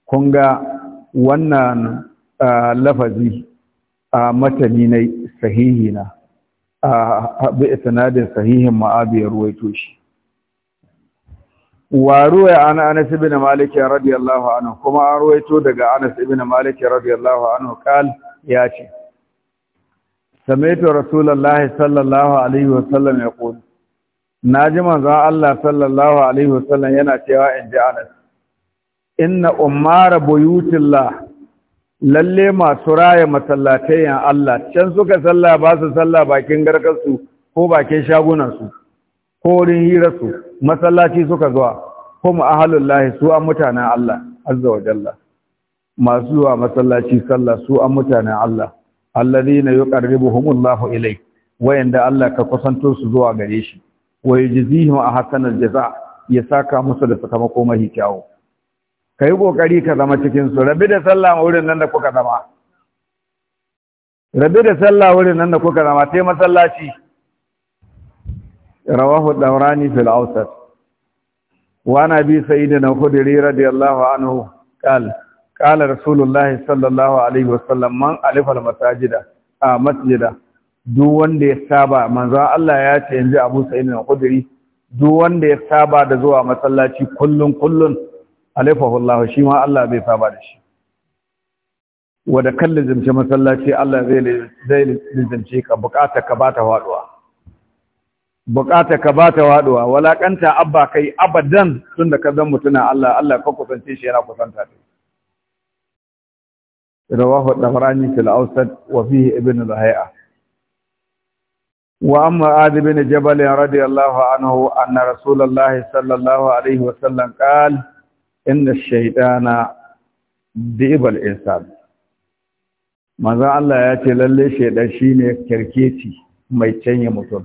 kun ga wannan lafazi a matani na sahihi na bi sanadin sahihin ma'azu ya ruwaito shi wa ruwaya ana anas ibn malik radiyallahu anhu kuma an ruwaito daga anas ibn malik radiyallahu anhu kal ya ce samaitu rasulullahi sallallahu alaihi wasallam ya Na naji manzo Allah sallallahu alaihi wasallam yana cewa in ji anas inna ummara buyutillah lalle masu raya masallatayen Allah can suka salla ba su salla bakin garkarsu ko bakin shagunansu ko wurin hirarsu masallaci suka zuwa kuma ahalullahi su an mutanen Allah azza wa jalla masu zuwa masallaci sallah su an mutanen Allah yi alladhina yuqarribuhumullahu ilai, wayanda Allah ka kusanto su zuwa gare shi wa a hasanar jaza ya saka musu da sakamako mahi kyawu yi ƙoƙari ka zama cikinsu. rabi da sallah wurin nan da kuka zama rabi da sallah wurin nan da kuka zama sai masallaci رواه الدوراني في الأوسط وعن أبي سيدنا الخدري رضي الله عنه قال قال رسول الله صلى الله عليه وسلم من ألف المساجد آه مسجد duk wanda ya saba manzon Allah ya ce yanzu Abu Sa'id al-Khudri duk wanda ya saba da zuwa masallaci kullun kullun alifahu Allah shi ma Allah zai saba da shi wada kallin zimce masallaci Allah zai zai zimce ka bukata ka bata faduwa bukata ka bata waduwa walakanta abba kai abadan tunda ka zan mutuna Allah Allah ka kusance shi yana kusanta ta rawahu dabrani fil awsat wa fihi ibn al-hay'a wa amma adi bin jabal radiyallahu anhu anna rasulullah sallallahu alaihi wa sallam qala inna ash-shaytana dibal insan manzo Allah ya ce lalle shi shine kirkeci mai canye mutum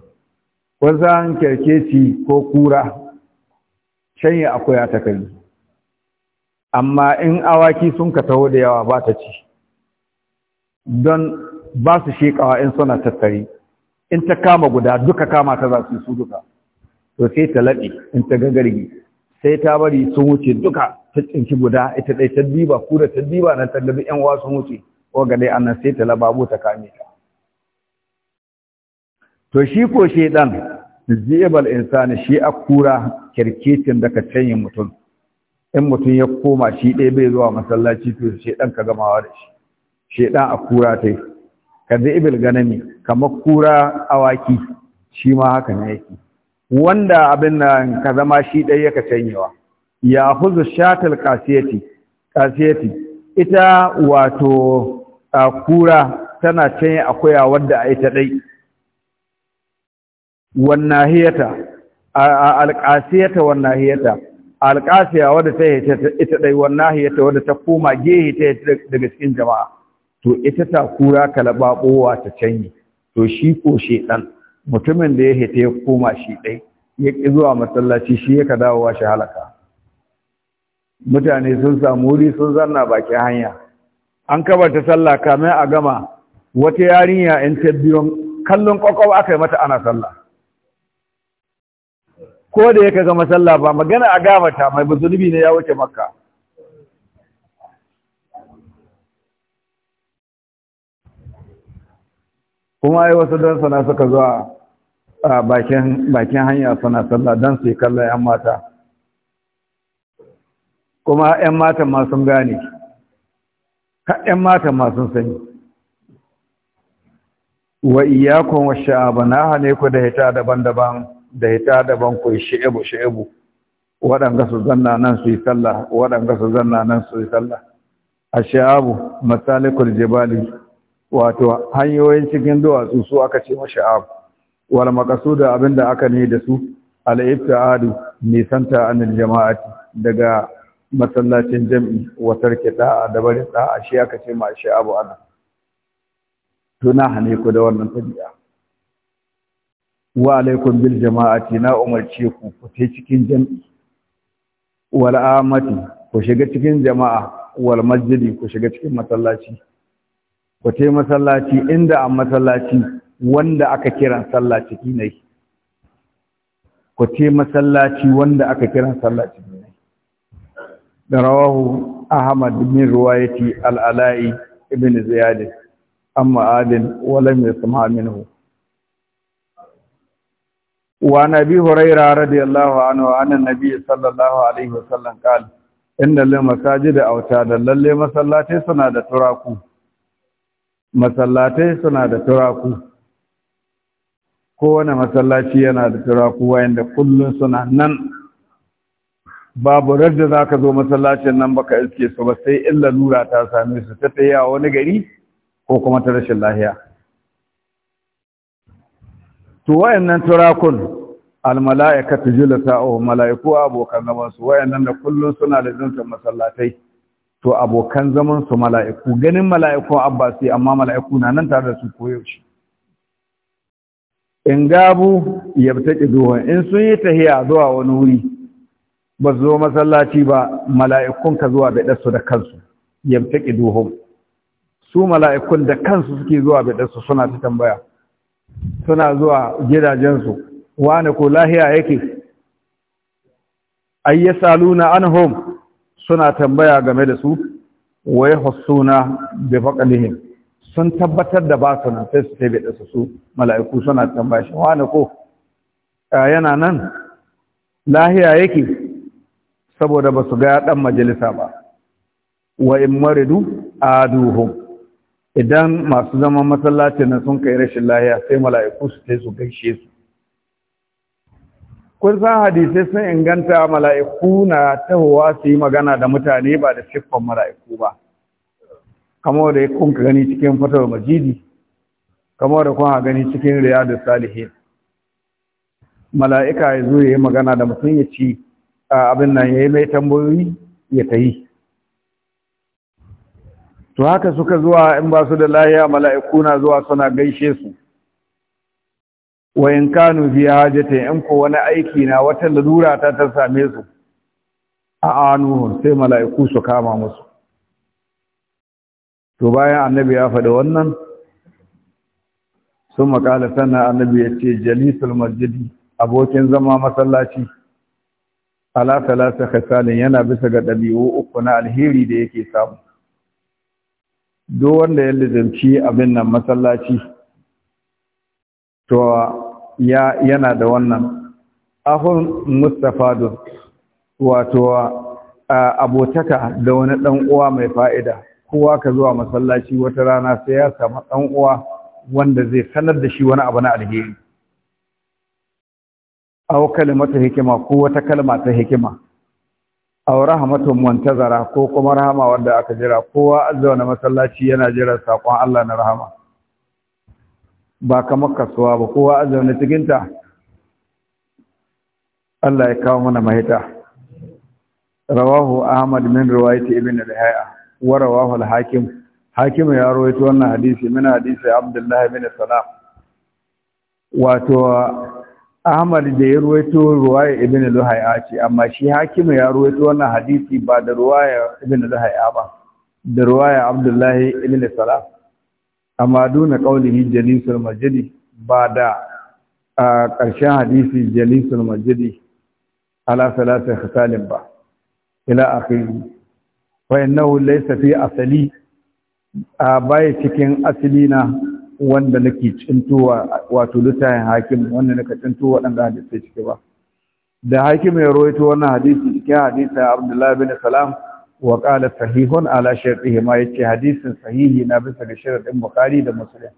wasan kyarkeci ko kura shanye akwai a takari amma in awaki sun ka taho da yawa ba ta ci don ba su shekawa in suna tattari in ta kama guda duka kama ta za su su duka to sai ta laɗe in ta gagarge sai ta bari sun wuce duka ta tsinki guda ita ɗai ta diba kura ta diba na ta gabi yan wasu wuce ko ga dai annan sai ta lababo ta kame ta to shi ko shedan zibal insani shi akura kirkitin da ka canye mutum in mutum ya koma shi ɗaya bai zuwa masallaci to dan ka gamawa da shi dan akura tai ka zibil ganami kamar kura awaki shi ma haka ne yake wanda abin nan ka zama shi ɗaya ka canyewa ya huzu shatal kasiyati kasiyati ita wato akura kura tana canye akuya wadda a ita ɗai wannahiyata alƙasiyata wannahiyata alqasiya wadda ta yi ita dai wannahiyata wadda ta koma gehe ta daga cikin jama'a to ita ta kura kalababowa ta canyi to shi ko shedan mutumin da ya hita ya koma shi dai ya ƙi zuwa masallaci shi ya ka dawowa shi halaka mutane sun samu wuri sun zanna baki hanya an kabarta sallah kamar a gama wata yarinya in ta biyon kallon kwakwab aka yi mata ana sallah ko da ya ga masalla ba magana a gabata mai zunubi ne ya wuce makka kuma ai wasu don sana suka zuwa a bakin hanya suna sallah don su yi kallon 'yan mata kuma 'yan matan ma sun gane 'yan matan ma sun sani wa iyakon wa sha'aba na hane ku da hita daban-daban da hita daban ku shi'abu shi'abu waɗanda su zanna nan su yi sallah waɗanda su zanna nan su yi sallah a sha'abu masalikul jibali wato hanyoyin cikin duwatsu su aka ce ma sha'abu wal maqsuda abinda aka ne da su al ibta'adu nisanta anil jama'ati daga masallacin jami'i wa tarke da'a da barin da'a shi aka ce ma sha'abu ana tuna hane ku da wannan tabi'a wa alaikum bil jama'ati na umarce ku ku cikin jami'i wal amati ku shiga cikin jama'a wal masjidi ku shiga cikin masallaci ku tai masallaci inda a masallaci wanda aka kira sallah ciki ne ku tai masallaci wanda aka kira sallah ciki ne da rawahu ahmad bin ruwayati al-ala'i ibn ziyad amma adin wa yasma minhu wa nabi huraira radiyallahu anhu anna nabi sallallahu alaihi wasallam qala inna lil masajid awtada lalle masallati suna da turaku masallati suna da turaku kowane masallaci yana da turaku wanda kullun suna nan babu radda zaka zo masallacin nan baka iske su ba sai illa lura ta same su ta tayya wani gari ko kuma ta rashin lahiya to wayannan turakun almala'ikatu julasa'u mala'iku abokan zaman su wayannan da kullun suna da zuntar masallatai to abokan zaman su mala'iku ganin mala'iku abbasi amma mala'iku na nan tare da su koyaushe in gabu yabtaki duhun in sun yi tahiya zuwa wani wuri ba zo masallaci ba mala'ikun ka zuwa bai dasu da kansu yabtaki duhun su mala'ikun da kansu suke zuwa bai dasu suna ta tambaya suna zuwa gidajensu wani ko lahiya yake saluna anhum suna tambaya game da su waye hosuna bi faqalihim sun tabbatar da ba su nan sai su tabe da su mala'iku suna tambaya shi wani ko yana nan lahiya yake saboda ba su ga dan majalisa ba wa in maridu aduhum idan masu zaman masallacin nan sun kai rashin lahiya sai mala'iku su kai su gaishe su kun san hadisai sun inganta mala'iku na tahowa su yi magana da mutane ba da siffan mala'iku ba kamar da kun ka gani cikin fatar majidi kamar da kun gani cikin riyadu salihin mala'ika ya zo ya yi magana da mutum ya ci abin nan ya yi mai tambayoyi ya ta yi to haka suka zuwa in ba su da lahiya mala'iku na zuwa suna gaishe su Wayan kanu fi hajata in ko wani aiki na wata lalura ta ta same su a anuhun sai mala'iku su kama musu to bayan annabi ya faɗi wannan sun makala sannan annabi ya ce jalisul masjidi abokin zama masallaci ala salasa khasalin yana bisa ga ɗabi'u uku na alheri da yake samu duk wanda ya lizimci abin nan masallaci to ya yana da wannan ahun mustafadun wato abotaka da wani dan uwa mai fa'ida kowa ka zuwa masallaci wata rana sai ya samu dan uwa wanda zai sanar da shi wani abu na alheri aw kalimatu hikima ko wata kalma ta hikima aw rahmatun muntazara ko kuma rahama wanda aka jira kowa azzauna masallaci yana jira sakon Allah na rahama ba kamar kasuwa ba kowa azzauna cikin ta Allah ya kawo mana mahita rawahu ahmad min riwayati ibn al-hayya wa rawahu al-hakim hakim ya rawaito wannan hadisi min hadisi abdullahi bin salam wato Ahmad da ya ruwaito ruwaya Ibn Luhayya ce amma shi hakimu ya ruwaito wannan hadisi ba da ruwaya Ibn Luhayya ba da ruwaya Abdullahi Ibn Salah amma duna qaulihi jalisul majdi ba da ƙarshen hadisi jalisul majdi ala salatu khisalin ba ila akhiri wa innahu laysa fi asali baya cikin asali na wanda nake cintowa wato littafin hakim wanda nake cinto waɗanda hadisai ciki ba da hakim ya rawaito wannan hadisi cikin hadisin Abdullahi bin Salam wa qala sahihun ala shartihi ma yace hadisin sahihi na bisa ga sharadin Bukhari da Muslim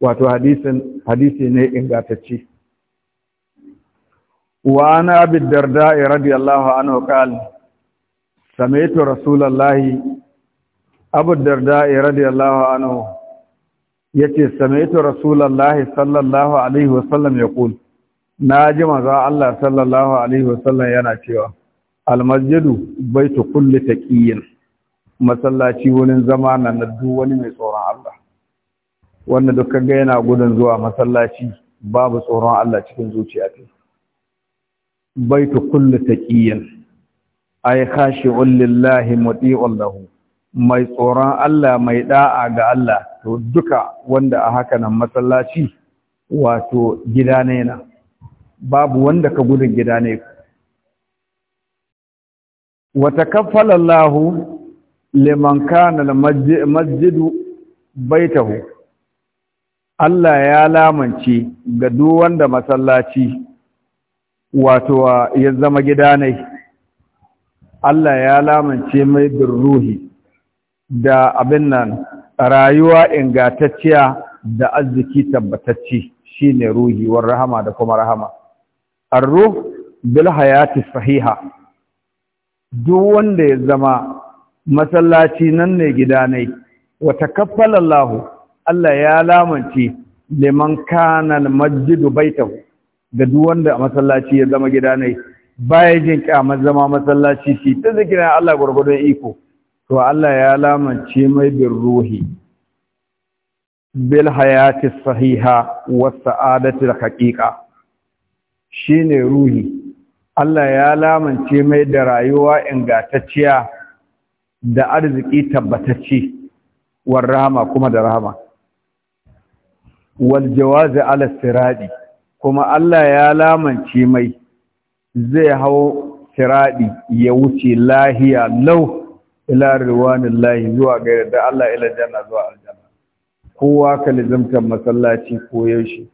wato hadisin hadisi ne ingantacce wa ana abi darda radiyallahu anhu qala سمعت rasulullahi abu darda radiyallahu anhu yace samaitu rasulullahi sallallahu alaihi wasallam Na ji manzo Allah sallallahu alaihi wasallam yana cewa almasjidu baitu kulli taqiyin masallaci wurin zama na duk wani mai tsoron Allah wanda duk kaga yana gudun zuwa masallaci babu tsoron Allah cikin zuciya ta baitu kulli taqiyin ay khashi'un lillahi muti'un lahu mai tsoron Allah mai da'a ga Allah wato duka wanda a haka nan masallaci wato gida ne na babu wanda ka gudun gida ne wa takaffala Allah liman kana masjidu baitahu Allah ya lamance ga duk wanda masallaci wato ya zama gida ne Allah ya lamance mai ruhi da abin nan rayuwa ingantacciya da arziki tabbatacci ne ruhi war rahama da kuma rahama arruh bil hayati sahiha duk wanda ya zama masallaci nan ne gida ne wa takaffala Allah Allah ya lamanci liman kana al-masjid da duk wanda masallaci ya zama gida ne baya jin kyamar zama masallaci shi ta zikirin Allah gurgurdon iko to Allah ya lamance mai bin ruhi bil hayati sahiha wa sa'adati haqiqa shine ruhi Allah ya lamance mai da rayuwa ingantacciya da arziki tabbatacce war rahama kuma da rahama wal jawaz ala siradi kuma Allah ya lamance mai zai hau siradi ya wuce lahiya lau ila lahi zuwa ga yarda Allah ila janna zuwa aljanna kowa ka lizamta masallaci ko yaushe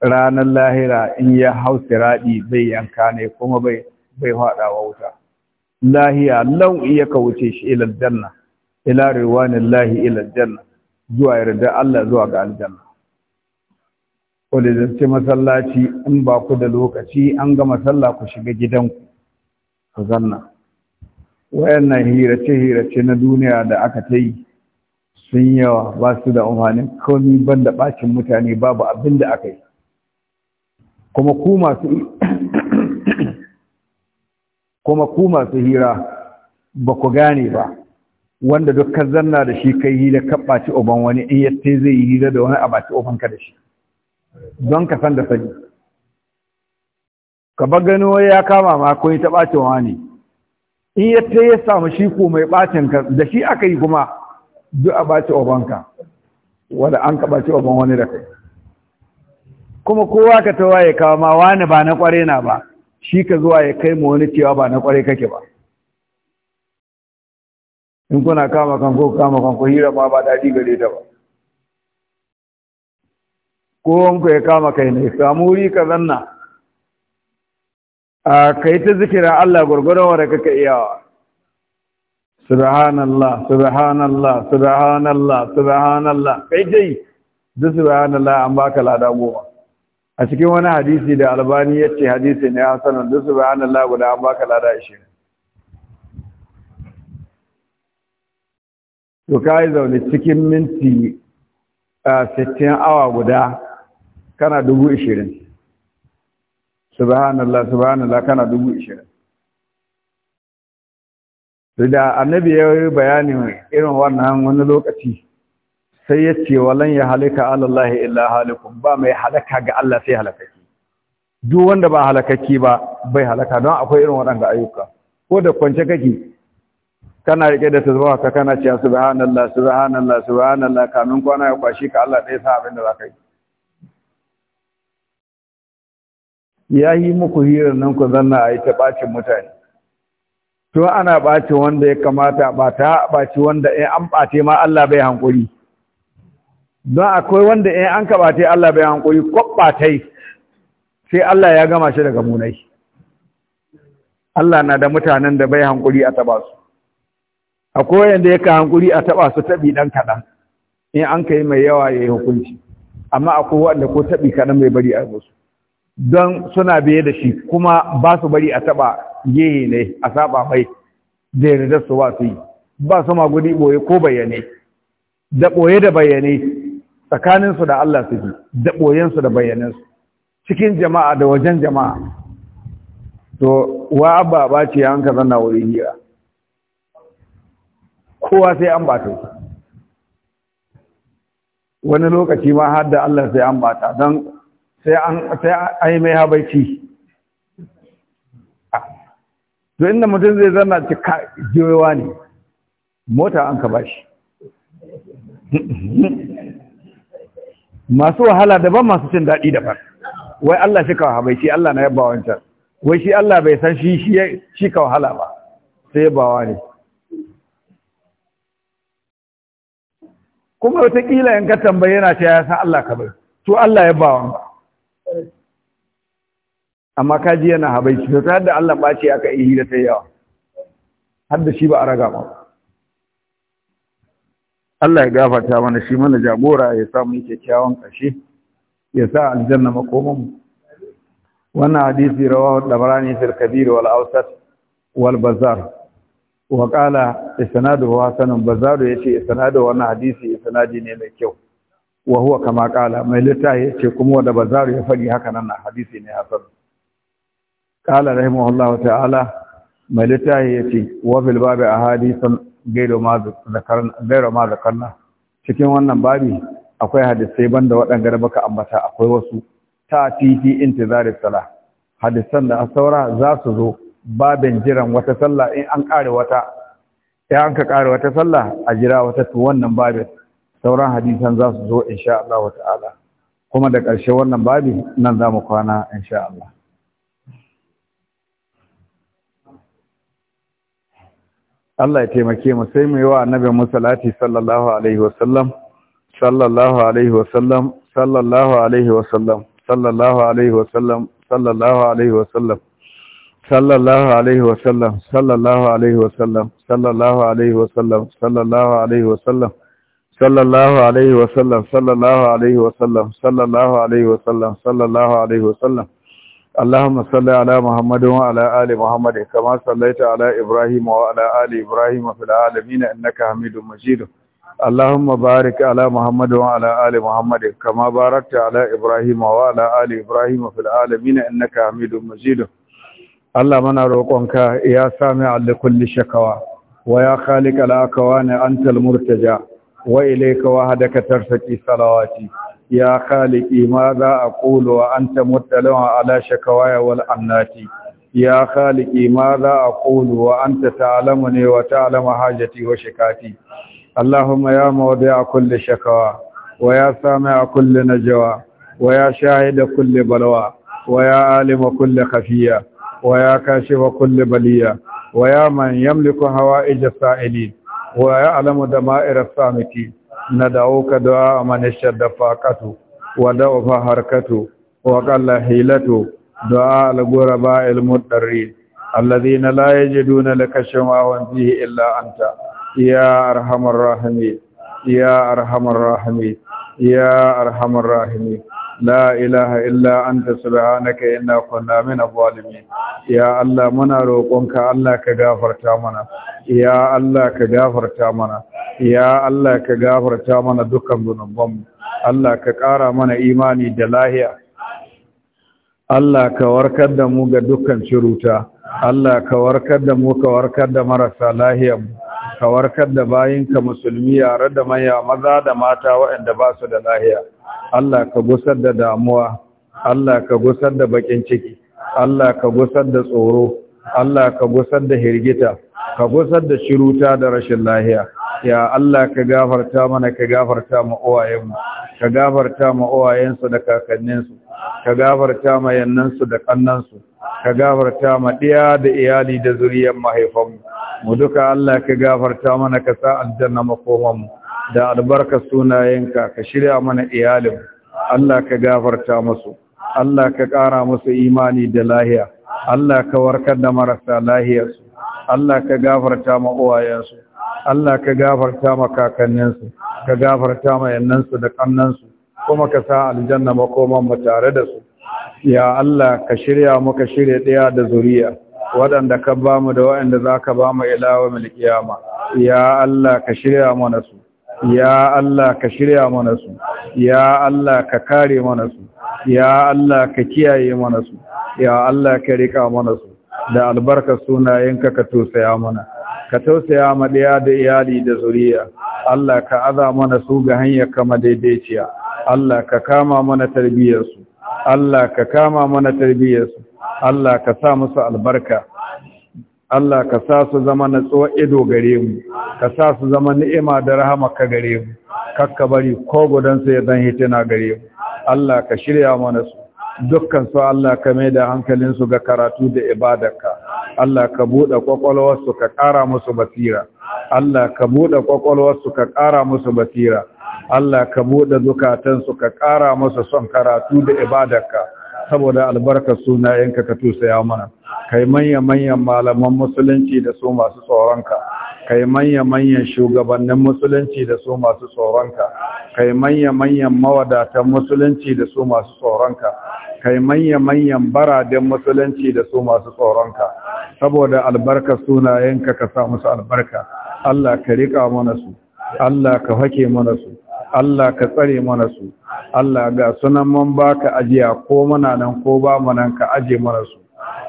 ranar lahira in ya hau siradi zai yanka ne kuma bai bai hadawa wuta lahiya lau iya ka wuce shi ila janna ila lahi ila janna zuwa yarda Allah zuwa ga aljanna ko lizamta masallaci in ba ku da lokaci an gama sallah ku shiga gidanku ku zanna wayannan hirace-hirace na duniya da aka ta yi sun yawa ba su da amfanin komi ban da ɓacin mutane babu abin da aka yi kuma ku masu hira ba ku gane ba wanda dukkan zanna da shi kai hira ka ɓaci uban wani in yatte zai yi hira da wani a ɓaci ka da shi don ka san da sani ka ba gano ya kama ma kun ta ɓacin wani in ya ta ya samu shi ko mai bacin ka da shi aka yi kuma duk a baci ka wanda an ka baci oban wani da kai kuma kowa ka ta waye kawo ma wani ba na kware na ba shi ka zuwa ya kai mu wani cewa ba na kware kake ba in kuna kama kanko kama kanko hira ma ba daɗi gare ta ba kowanku ya kama kai ne samu wuri ka zanna a kai ta zikira Allah gurgurdan wanda kaka iyawa subhanallah subhanallah subhanallah subhanallah kai dai da subhanallah an ka lada goma a cikin wani hadisi da albani ya ce hadisi ne a sanar da subhanallah guda an ka lada ishe. to ka yi zaune cikin minti a ah, sittin awa guda kana dubu ishirin subhanallah subhanallah kana dubu ishirin da annabi ya yi bayanin irin wannan wani lokaci sai ya ce walan ya halika alallahi illa halikun ba mai halaka ga Allah sai halakaki duk wanda ba halakaki ba bai halaka don akwai irin waɗanda ayyuka ko da kwance kake kana rike da tazbaha ka kana cewa subhanallah subhanallah subhanallah kamin kwana ya kwashi ka Allah ɗaya sa abin da ka yi ya yi muku hirar nan ku zanna a yi ta ɓacin mutane to ana ɓace wanda ya kamata ba ta ɓace wanda in an ɓace ma Allah bai hankuri don akwai wanda in an kaɓace Allah bai hankuri ɓatai sai Allah ya gama shi daga munai Allah na da mutanen da bai hankuri a taɓa su akwai wanda ya ka hankuri a taɓa su taɓi ɗan kaɗan in an ka yi mai yawa ya yi hukunci amma akwai wanda ko taɓi kaɗan bai bari a musu don suna biye da shi kuma ba su bari a taba gehe ne a saba mai da yarda su ba su yi ba su ma gudi boye ko bayyane da boye da bayyane tsakaninsu da Allah su ji da ɓoyensu da bayyanensu cikin jama'a da wajen jama'a to wa abba ba ce an ka zanna wurin hira kowa sai an ta wani lokaci ma har da Allah sai an bata don sai an yi mai habaici ah. to inda mutum zai zana cika jiyowa ne mota an ka bashi masu wahala daban masu cin daɗi daban wai Allah shi kawo habaici Allah na yabba wancan wai shi Allah bai san shi shi kawo wahala ba sai yabbawa ne kuma wataƙila in ka tambayi yana ce ya san Allah ka bai to Allah ya bawa ba amma kaji yana habaici to ta yadda Allah ɓaci aka yi hira ta yawa har da shi ba a raga ba Allah ya gafarta mana shi mana jagora ya sa mu kyakkyawan ƙashe ya sa aljanna makoman mu wannan hadisi rawahu dabrani fil kabir wal awsat wal bazar wa qala isnaduhu ya bazar yace isnadu wannan hadisi isnadi ne mai kyau wa huwa kama qala mai littafi yace kuma wanda bazar ya fadi haka nan hadisi ne hasan qala rahimahullahu ta'ala mai littafi yace wa fil babi ahadithun gairu ma zakarna gairu ma zakarna cikin wannan babi akwai hadisai banda waɗanda da baka ambata akwai wasu ta fihi intizarin sala hadisan da asaura za su zo babin jiran wata sallah in an kare wata ya an ka kare wata sallah a jira wata to wannan babin sauran hadisan za su zo insha Allah ta'ala kuma da ƙarshe wannan babi nan za mu kwana insha Allah Allah ya taimake mu sai mu yi wa annabi musallati sallallahu alaihi wasallam sallallahu alaihi wasallam sallallahu alaihi wasallam sallallahu alaihi wasallam sallallahu alaihi wasallam sallallahu alaihi wasallam sallallahu alaihi wasallam sallallahu alaihi wasallam sallallahu alaihi wasallam sallallahu alaihi wasallam sallallahu alaihi wasallam sallallahu alaihi wasallam sallallahu alaihi wasallam اللهم صل على محمد وعلى آل محمد كما صليت على إبراهيم وعلى آل إبراهيم في العالمين إنك حميد مجيد اللهم بارك على محمد وعلى آل محمد كما باركت على إبراهيم وعلى آل إبراهيم في العالمين إنك حميد مجيد اللهم نروقك يا سامع لكل شكوى ويا خالق الأكوان أنت المرتجى وإليك وحدك ترتقي صلواتي ya khaliki ma za a ƙulu wa an ta mutalawa ala shakawaya wal annati ya khaliki ma za a ƙulu wa an ta ta'alamu ne wa ta'alama hajjati wa shikati allahumma ya mawada a kulle shakawa wa ya sami a kulle na jawa, wa ya da kulle balawa wa ya alima kulle kafiya wa ya kashe kulle baliya wa ya man yamliku hawa ijasta'ili wa ya alamu da ma'irar samitin na dawoka du'a manishar da faqatu wa dawfa harkatu wa qalla hilatu du'a al-ghuraba al-muddarri alladhina la yajiduna laka shawaan fihi illa anta ya arhamar rahimin ya arhamar rahimin ya arhamar rahimin la ilaha illa anta subhanaka inna kunna min adh-dhalimin ya allah muna roƙonka allah ka gafarta mana ya allah ka gafarta mana ya allah ka gafarta mana dukkan gunubban allah ka ƙara mana imani da lahiya allah ka warkar da mu ga dukkan ciruta allah ka warkar da mu ka warkar da marasa lahiya ka warkar da bayinka musulmi yare da maya maza da mata waɗanda ba su da lahiya Allah ka gusar da damuwa Allah ka gusar da bakin ciki Allah ka gusar da tsoro Allah ka gusar da hirgita ka gusar da shiruta da rashin lahiya ya Allah ka gafarta mana ka gafarta ma uwayenmu ka gafarta ma uwayensu da kakanninsu ka gafarta ma yannansu da kannansu ka gafarta ma ɗiya da iyali da zuriyar mahaifanmu mu duka Allah ka gafarta mana ka sa aljanna makomanmu da albarka sunayenka ka shirya mana iyalin Allah ka gafarta musu Allah ka ƙara musu imani da lahiya Allah ka warkar da marasa lahiyarsu Allah ka gafarta ma uwayensu Allah ka gafarta ma kakanninsu ka gafarta ma yannansu da kannansu kuma ka sa aljanna makoman mu tare da su ya Allah ka shirya muka shirya ɗaya da zuriya waɗanda ka ba mu da waɗanda za ka ba mu ilawa mulkiyama ya Allah ka shirya mana su ya Allah ka shirya mana su ya Allah ka kare mana su ya Allah ka kiyaye mana su ya Allah ka rika mana su da suna sunayenka ka tausaya mana ka tausaya ma ɗaya da iyali da zuriya Allah ka aza mana su ga hanyar kama daidaiciya Allah ka kama mana tarbiyyar su. Allah ka kama mana tarbiyyar su. Allah ka sa musu albarka Allah ka sa su zama na natsuwa ido gare mu ka sa su zama ni'ima da rahama ka gare mu kakka bari ko gudansu ya dan hitina gare mu Allah ka shirya mana su dukkan su Allah ka mai da hankalin su ga karatu da ibadarka Allah ka buɗe kwakwalwar su ka ƙara musu basira Allah ka buɗe kwakwalwar su ka ƙara musu basira Allah ka buɗe zukatansu ka ƙara musu son karatu da ibadarka saboda albarkar sunayenka ka tusaya mana kai manya-manyan malaman musulunci da su masu tsoronka kai manya-manyan shugabannin musulunci da su masu tsoronka kai manya-manyan mawadatan musulunci da su masu tsoronka kai manya-manyan baradin musulunci da su masu tsoronka saboda albarkar sunayenka ka sa musu albarka Allah ka rika mana su Allah ka hake mana su Allah ka tsare mana su Allah ga sunan mun baka ajiya ko muna nan ko ba mu nan ka aje mana su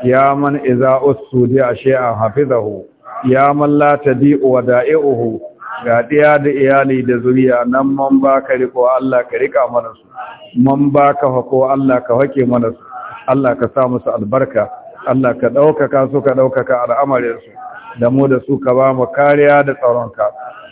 ya man iza usudi ashia hafizahu ya man la wa wada'ihu ga ɗaya da iyali da zuriya nan man baka riko Allah ka rika mana su man baka hako Allah ka hake mana su Allah ka sa musu albarka Allah ka ɗaukaka su ka ɗaukaka su. da mu da su ka ba mu kariya da tsaronka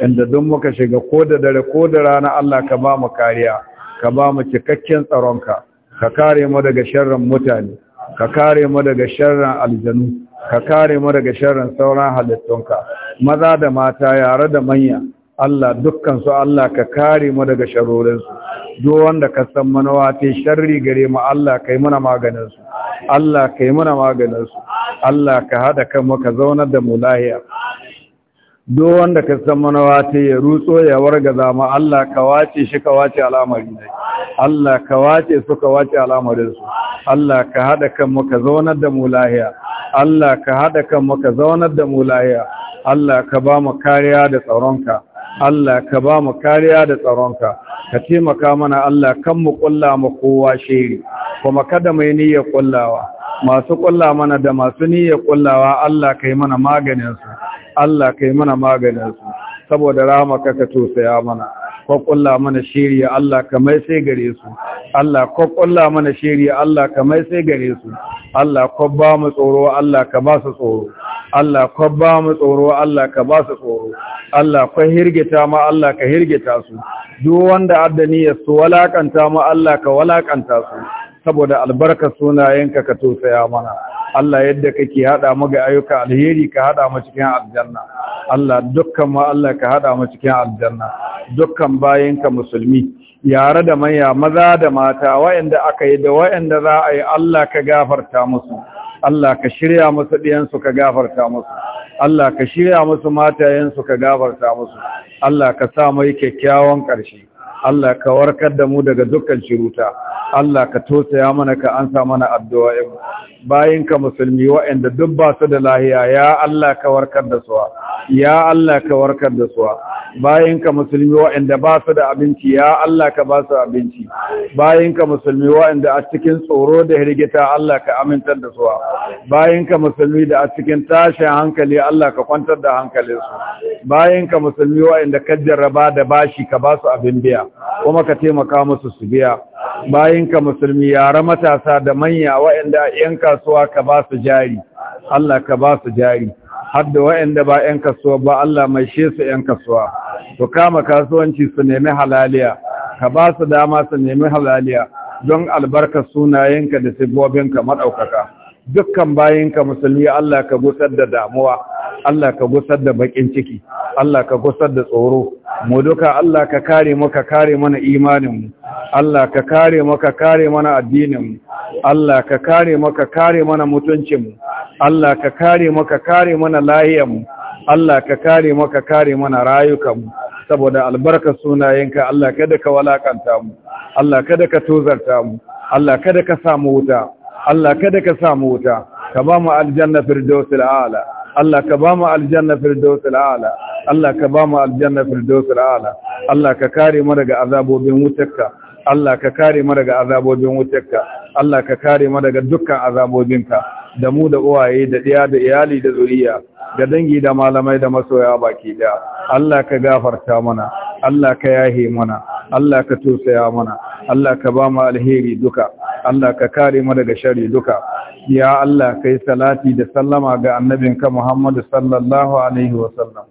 inda duk muka shiga ko da dare ko da rana Allah ka ba mu kariya ka ba mu cikakken tsaronka ka kare mu daga sharrin mutane ka kare mu daga sharrin aljanu ka kare mu daga sharrin sauran halittunka maza da mata yare da manya Allah dukkan su Allah ka kare mu daga sharorinsu duk wanda ka san manawa te sharri gare mu Allah kai mana maganin su Allah ka yi muna maganinsu Allah ka haɗa kanmu ka zaunar da mu lahiya duk wanda ka san manawa ta ya rutso ya warga zama Allah ka wace shi ka wace al'amari ne Allah ka wace su ka wace alamarinsu. Allah ka haɗa kanmu ka zaunar da mu lahiya Allah ka haɗa kanmu ka zaunar da mu lahiya Allah ka ba mu kariya da tsaronka Allah ka ba mu kariya da tsaronka ka taimaka mana Allah kan mu kulla mu kowa shiri kuma kada mai niyyar kullawa masu kulla mana da masu niyyar kullawa Allah kai mana maganin su Allah kai mana maganin su saboda rahmaka ka tosaya mana kwakwalla mana shiri Allah kamar sai gare su Allah kwakwalla mana shiri Allah kamar sai gare su Allah kwabba mu tsoro Allah ka ba su tsoro Allah kwabba mu tsoro Allah ka ba su tsoro Allah kwa hirgita ma Allah ka hirgita su duk wanda addani ya su walakanta ma Allah ka walakanta su saboda albarkar sunayenka ka tosaya mana Allah yadda kake hada mu ga ayyuka alheri ka hada mu cikin aljanna Allah dukkan ma Allah ka hada mu cikin aljanna dukkan bayinka musulmi yare da manya maza da mata wayanda aka yi da wayanda za a yi Allah ka gafarta musu Allah ka shirya musu ɗiyansu ka gafarta musu Allah ka shirya musu matayensu ka gafarta musu Allah ka sa mai kyakkyawan ƙarshe Allah ka warkar da mu daga dukkan shiruta Allah ka tosaya mana ka ansa mana yau. bayin ka musulmi waɗanda duk ba su da lahiya ya Allah ka warkar da su ya Allah ka warkar da su bayin ka musulmi waɗanda ba su da abinci ya Allah ka ba su abinci bayin ka musulmi waɗanda a cikin tsoro da hirgita Allah ka amintar da su bayin ka musulmi da a cikin tashin hankali Allah ka kwantar da hankalinsu bayin ka musulmi waɗanda ka jarraba da bashi ka ba su abin biya kuma ka taimaka musu su biya Bayan ka musulmi yara matasa da manya waɗanda 'yan kasuwa ka ba su jari Allah ka ba su jari har da waɗanda ba 'yan kasuwa ba Allah mai she su 'yan kasuwa to kama kasuwanci su nemi halaliya ka ba su dama su nemi halaliya don albarka sunayenka da sabobinka maɗaukaka dukkan bayinka musulmi Allah ka gusar da damuwa Allah ka gusar da bakin ciki Allah ka gusar da tsoro mu duka Allah ka kare mu ka kare mana imaninmu Allah ka kare mu ka kare mana addininmu Allah ka kare mu ka kare mana mutuncinmu Allah ka kare mu ka kare mana lahiyarmu Allah ka kare mu ka kare mana rayukanmu saboda albarkar sunayenka Allah kada ka walakanta mu Allah kada ka tozarta mu Allah kada ka samu wuta Allah kada ka samu wuta ka ba mu aljanna firdausul a'la Allah ka ba mu aljanna firdausul a'la Allah ka ba mu aljanna firdausul a'la Allah ka kare mu daga azabobin wutarka Allah ka kare mu daga azabobin wutarka Allah ka kare mu daga dukkan azabobinka da mu da uwaye da ɗiya da iyali da zuriya da dangi da malamai da masoya baki daya Allah ka gafarta mana Allah ka yahe mana Allah ka tosaya mana Allah ka ba mu alheri duka Allah ka kare mu daga shari duka ya Allah kai salati da sallama ga annabinka Muhammad sallallahu alaihi wasallam